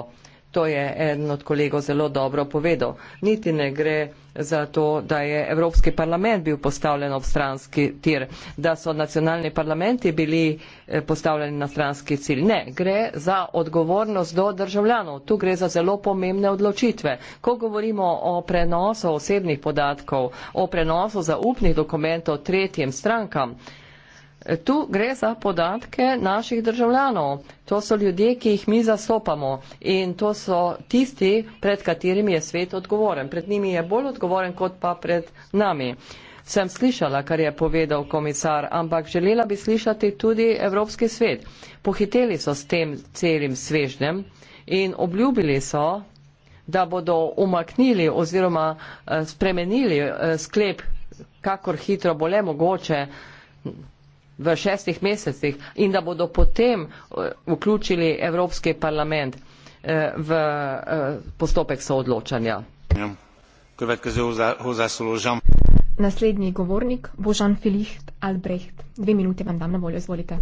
To je en od kolegov zelo dobro povedal. Niti ne gre za to, da je Evropski parlament bil postavljen ob stranski tir, da so nacionalni parlamenti bili eh, postavljeni na stranski cilj. Ne, gre za odgovornost do državljanov. Tu gre za zelo pomembne odločitve. Ko govorimo o prenosu osebnih podatkov, o prenosu zaupnih dokumentov tretjim strankam, Tu gre za podatke naših državljanov. To so ljudje, ki jih mi zastopamo in to so tisti, pred katerimi je svet odgovoren. Pred njimi je bolj odgovoren kot pa pred nami. Sem slišala, kar je povedal komisar, ampak želela bi slišati tudi Evropski svet. Pohiteli so s tem celim svežnjem in obljubili so, da bodo umaknili oziroma eh, spremenili eh, sklep, kakor hitro bo le mogoče v šestih mesecih in da bodo potem eh, vključili Evropski parlament eh, v eh, postopek soodločanja. Ja. Naslednji govornik bo Jean Filiht Albrecht. Dve minute vam dam na voljo, izvolite.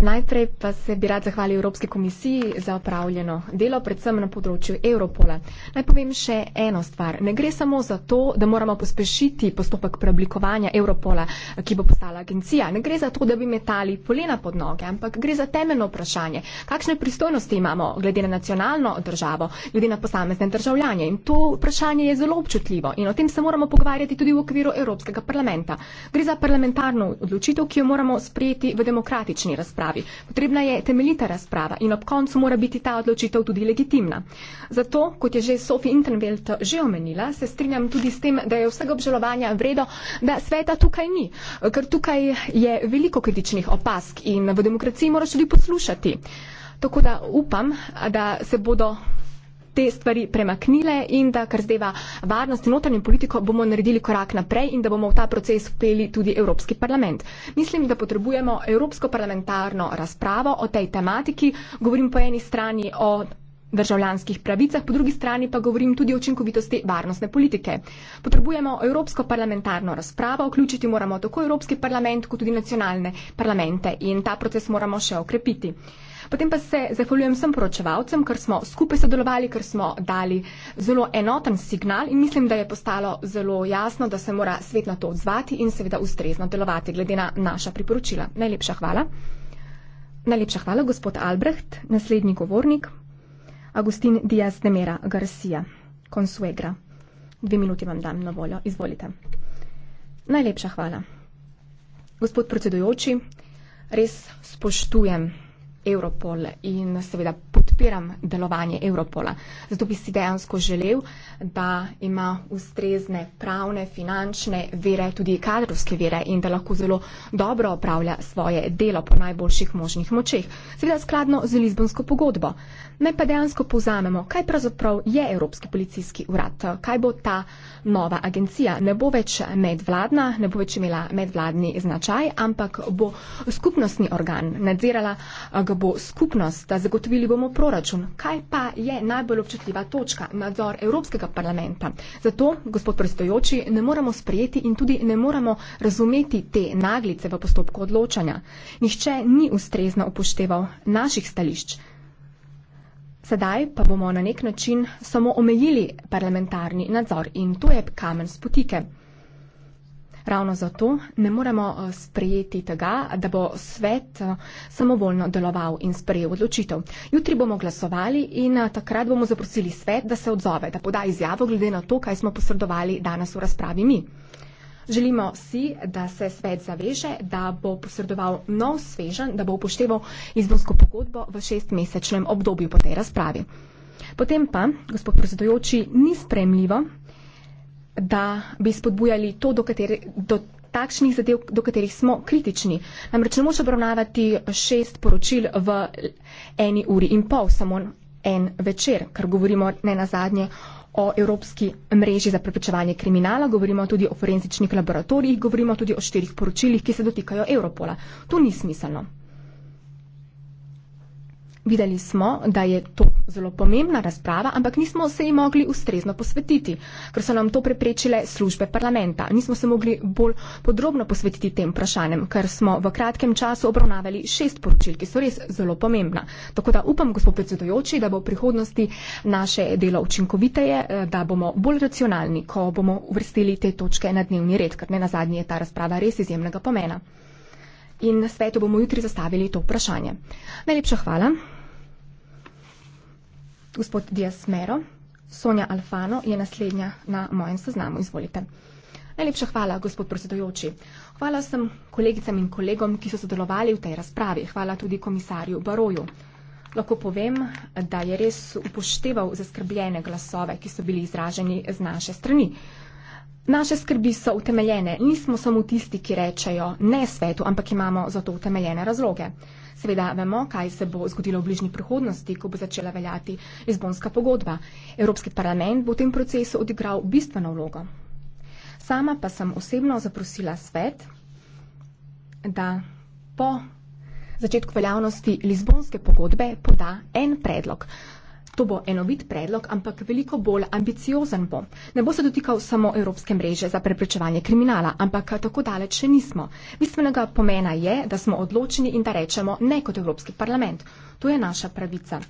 Najprej pa se bi rad zahvalil Evropski komisiji za opravljeno delo, predvsem na področju Europola. Naj povem še eno stvar. Ne gre samo za to, da moramo pospešiti postopek preoblikovanja Europola, ki bo postala agencija. Ne gre za to, da bi metali polena pod noge, ampak gre za temeljno vprašanje. Kakšne pristojnosti imamo glede na nacionalno državo, glede na posamezne državljanje? In to vprašanje je zelo občutljivo. In o tem tem se moramo pogovarjati tudi v okviru Evropskega parlamenta. Gre za parlamentarno odločitev, ki jo moramo sprejeti v demokratični razpravi. Potrebna je temeljita razprava in ob koncu mora biti ta odločitev tudi legitimna. Zato, kot je že Sofi Intervelt že omenila, se strinjam tudi s tem, da je vsega obžalovanja vredo, da sveta tukaj ni, ker tukaj je veliko kritičnih opask in v demokraciji moraš tudi poslušati. Tako da upam, da se bodo te stvari premaknile in da kar zdeva varnost in notranjo politiko, bomo naredili korak naprej in da bomo v ta proces vpeli tudi Evropski parlament. Mislim, da potrebujemo Evropsko parlamentarno razpravo o tej tematiki. Govorim po eni strani o državljanskih pravicah, po drugi strani pa govorim tudi o učinkovitosti varnostne politike. Potrebujemo Evropsko parlamentarno razpravo, vključiti moramo tako Evropski parlament kot tudi nacionalne parlamente in ta proces moramo še okrepiti. Potem pa se zahvaljujem vsem poročevalcem, ker smo skupaj sodelovali, ker smo dali zelo enoten signal in mislim, da je postalo zelo jasno, da se mora svet na to odzvati in seveda ustrezno delovati glede na naša priporočila. Najlepša hvala. Najlepša hvala, gospod Albrecht, naslednji govornik, Agustin Diaz de Mera Garcia, Consuegra. Dve minuti vam dam na voljo. Izvolite. Najlepša hvala. Gospod predsedujoči, res spoštujem Evropol in seveda podpiram delovanje Europola. Zato bi si dejansko želel, da ima ustrezne pravne, finančne vere, tudi kadrovske vere in da lahko zelo dobro opravlja svoje delo po najboljših možnih močeh. Seveda skladno z Lizbonsko pogodbo. Naj pa dejansko povzamemo, kaj pravzaprav je Evropski policijski urad, kaj bo ta nova agencija. Ne bo več medvladna, ne bo več imela medvladni značaj, ampak bo skupnostni organ. Nadzirala ga bo skupnost, zagotovili bomo prošnje proračun. Kaj pa je najbolj občutljiva točka nadzor Evropskega parlamenta? Zato, gospod predstojoči, ne moremo sprejeti in tudi ne moremo razumeti te naglice v postopku odločanja. Nihče ni ustrezno upošteval naših stališč. Sedaj pa bomo na nek način samo omejili parlamentarni nadzor in to je kamen spotike. Ravno zato ne moremo eh, sprejeti tega, da bo svet eh, samovoljno deloval in sprejel odločitev. Jutri bomo glasovali in eh, takrat bomo zaprosili svet, da se odzove, da poda izjavo glede na to, kaj smo posredovali danes v razpravi mi. Želimo si, da se svet zaveže, da bo posredoval nov svežen, da bo upošteval izbonsko pogodbo v šestmesečnem obdobju po tej razpravi. Potem pa, gospod predsedujoči, ni spremljivo, da bi spodbujali to, do katerih. Takšnih zadev, do katerih smo kritični. Namreč ne moš obravnavati šest poročil v eni uri in pol, samo en večer, ker govorimo ne na zadnje o Evropski mreži za preprečevanje kriminala, govorimo tudi o forenzičnih laboratorijih, govorimo tudi o štirih poročilih, ki se dotikajo Evropola. To ni smiselno. Videli smo, da je to zelo pomembna razprava, ampak nismo se ji mogli ustrezno posvetiti, ker so nam to preprečile službe parlamenta. Nismo se mogli bolj podrobno posvetiti tem vprašanjem, ker smo v kratkem času obravnavali šest poročil, ki so res zelo pomembna. Tako da upam, gospod predsedojoči, da bo v prihodnosti naše delo učinkoviteje, eh, da bomo bolj racionalni, ko bomo uvrstili te točke na dnevni red, ker ne na zadnji je ta razprava res izjemnega pomena. In na svetu bomo jutri zastavili to vprašanje. Najlepša hvala gospod Diasmero. Sonja Alfano je naslednja na mojem seznamu. Izvolite. Najlepša hvala, gospod predsedujoči. Hvala sem kolegicam in kolegom, ki so sodelovali v tej razpravi. Hvala tudi komisarju Baroju. Lahko povem, da je res upošteval zaskrbljene glasove, ki so bili izraženi z naše strani. Naše skrbi so utemeljene, nismo samo tisti, ki rečejo ne svetu, ampak imamo za to utemeljene razloge. Seveda vemo, kaj se bo zgodilo v bližnji prihodnosti, ko bo začela veljati izbonska pogodba. Evropski parlament bo v tem procesu odigral bistveno vlogo. Sama pa sem osebno zaprosila svet, da po začetku veljavnosti Lizbonske pogodbe poda en predlog. To bo enovit predlog, ampak veliko bolj ambiciozen bo. Ne bo se dotikal samo Evropske mreže za preprečevanje kriminala, ampak tako daleč še nismo. Bistvenega pomena je, da smo odločeni in da rečemo ne kot Evropski parlament. To je naša pravica.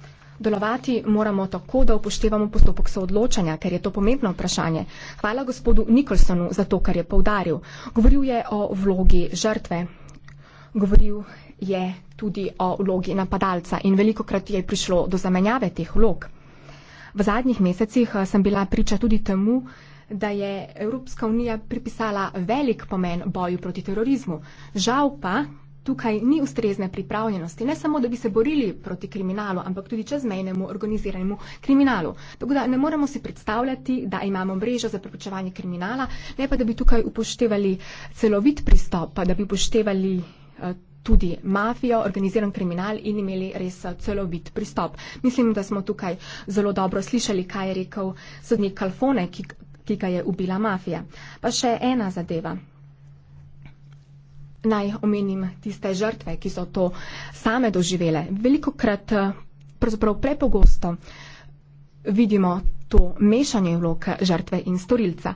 Delovati moramo tako, da upoštevamo postopek soodločanja, ker je to pomembno vprašanje. Hvala gospodu Nikolsonu za to, kar je povdaril. Govoril je o vlogi žrtve. Govoril je tudi o vlogi napadalca in veliko krat je prišlo do zamenjave teh vlog. V zadnjih mesecih eh, sem bila priča tudi temu, da je Evropska unija pripisala velik pomen boju proti terorizmu. Žal pa tukaj ni ustrezne pripravljenosti, ne samo, da bi se borili proti kriminalu, ampak tudi čezmejnemu organiziranemu kriminalu. Tako da ne moremo si predstavljati, da imamo mrežo za preprečevanje kriminala, ne pa, da bi tukaj upoštevali celovit pristop, pa da bi upoštevali. Uh, tudi mafijo, organiziran kriminal in imeli res celovit pristop. Mislim, da smo tukaj zelo dobro slišali, kaj je rekel sodnik Kalfone, ki, ki ga je ubila mafija. Pa še ena zadeva. Naj omenim tiste žrtve, ki so to same doživele. Veliko krat, eh, pravzaprav prepogosto, vidimo to mešanje vlog žrtve in storilca.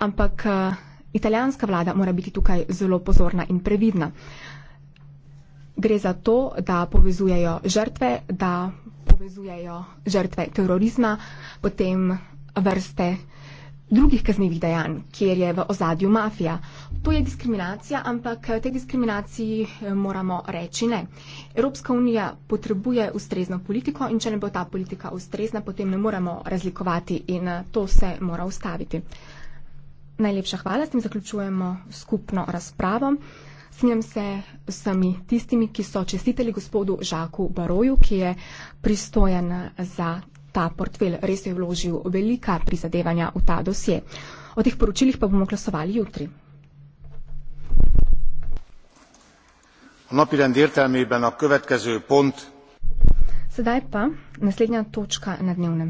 Ampak eh, italijanska vlada mora biti tukaj zelo pozorna in previdna. Uh, Gre za to, da povezujejo žrtve, da povezujejo žrtve terorizma, potem vrste drugih kaznevih dejanj, kjer je v ozadju mafija. To je diskriminacija, ampak te diskriminaciji eh, moramo reči ne. Evropska unija potrebuje ustrezno politiko in če ne bo ta politika ustrezna, potem ne moramo razlikovati in eh, to se mora ustaviti. Najlepša hvala, s tem zaključujemo skupno razpravo strinjam se vsemi tistimi, ki so čestiteli gospodu Žaku Baroju, ki je pristojen za ta portfelj. Res je vložil velika prizadevanja v ta dosje. O teh poročilih pa bomo glasovali jutri. Sedaj pa naslednja točka na dnevnem.